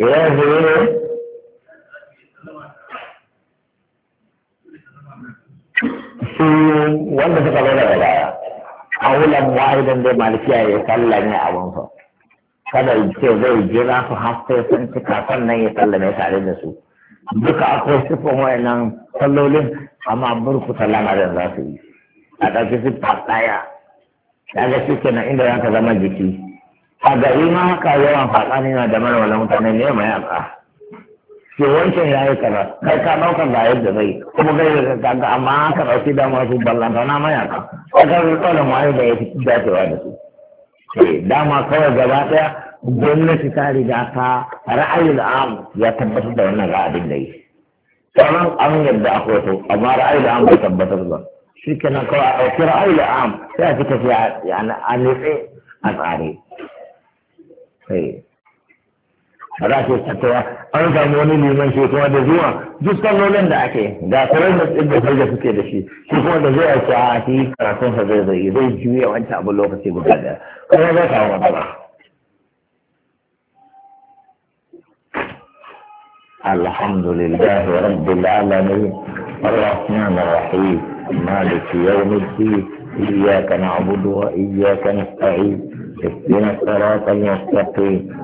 يا su wanda suka zo daga baya qawlan wahidan dai malikiya ya sallame abun sa kada ce zai jira su har sai sun cika sannan ya sallame tare da su duka akwai sifin wayannan sallolin amma burkuta lamarin za su yi a ɗauki siffa ɗaya daga shi kenan inda za ka zama jiki a gari ma haka yawan faɗa ne na da marwala mutane ne mai alƙa sai wancan ya yi kaza kai ka ɗaukar ga yadda zai kuma kai da kanka amma ka ɗauki dama su ballanta na mayaka sai ka rika da mayu da ya fi dacewa da su eh, dama kawai gaba ɗaya gwamnati ta riga ta ra'ayin am ya tabbatar da wannan ra'ayin da yi sauran an yadda a hoto amma ra'ayin am bai tabbatar ba shi kenan kawai a ɗauki ra'ayin am sai a fi tafiya a nutse a tsare eh. ba za ke tattawa an samu wani liman shi kuma da zuwa duk sallolin da ake ga sauran da tsibin da suke da shi shi kuma da zuwa shi a shi karatun sa zai zai zai juya wancan abu lokaci guda daya kuma za ka hawa ba الحمد لله رب العالمين الرحمن الرحيم مالك يوم الدين إياك نعبد وإياك نستعين اهدنا الصراط المستقيم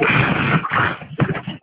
you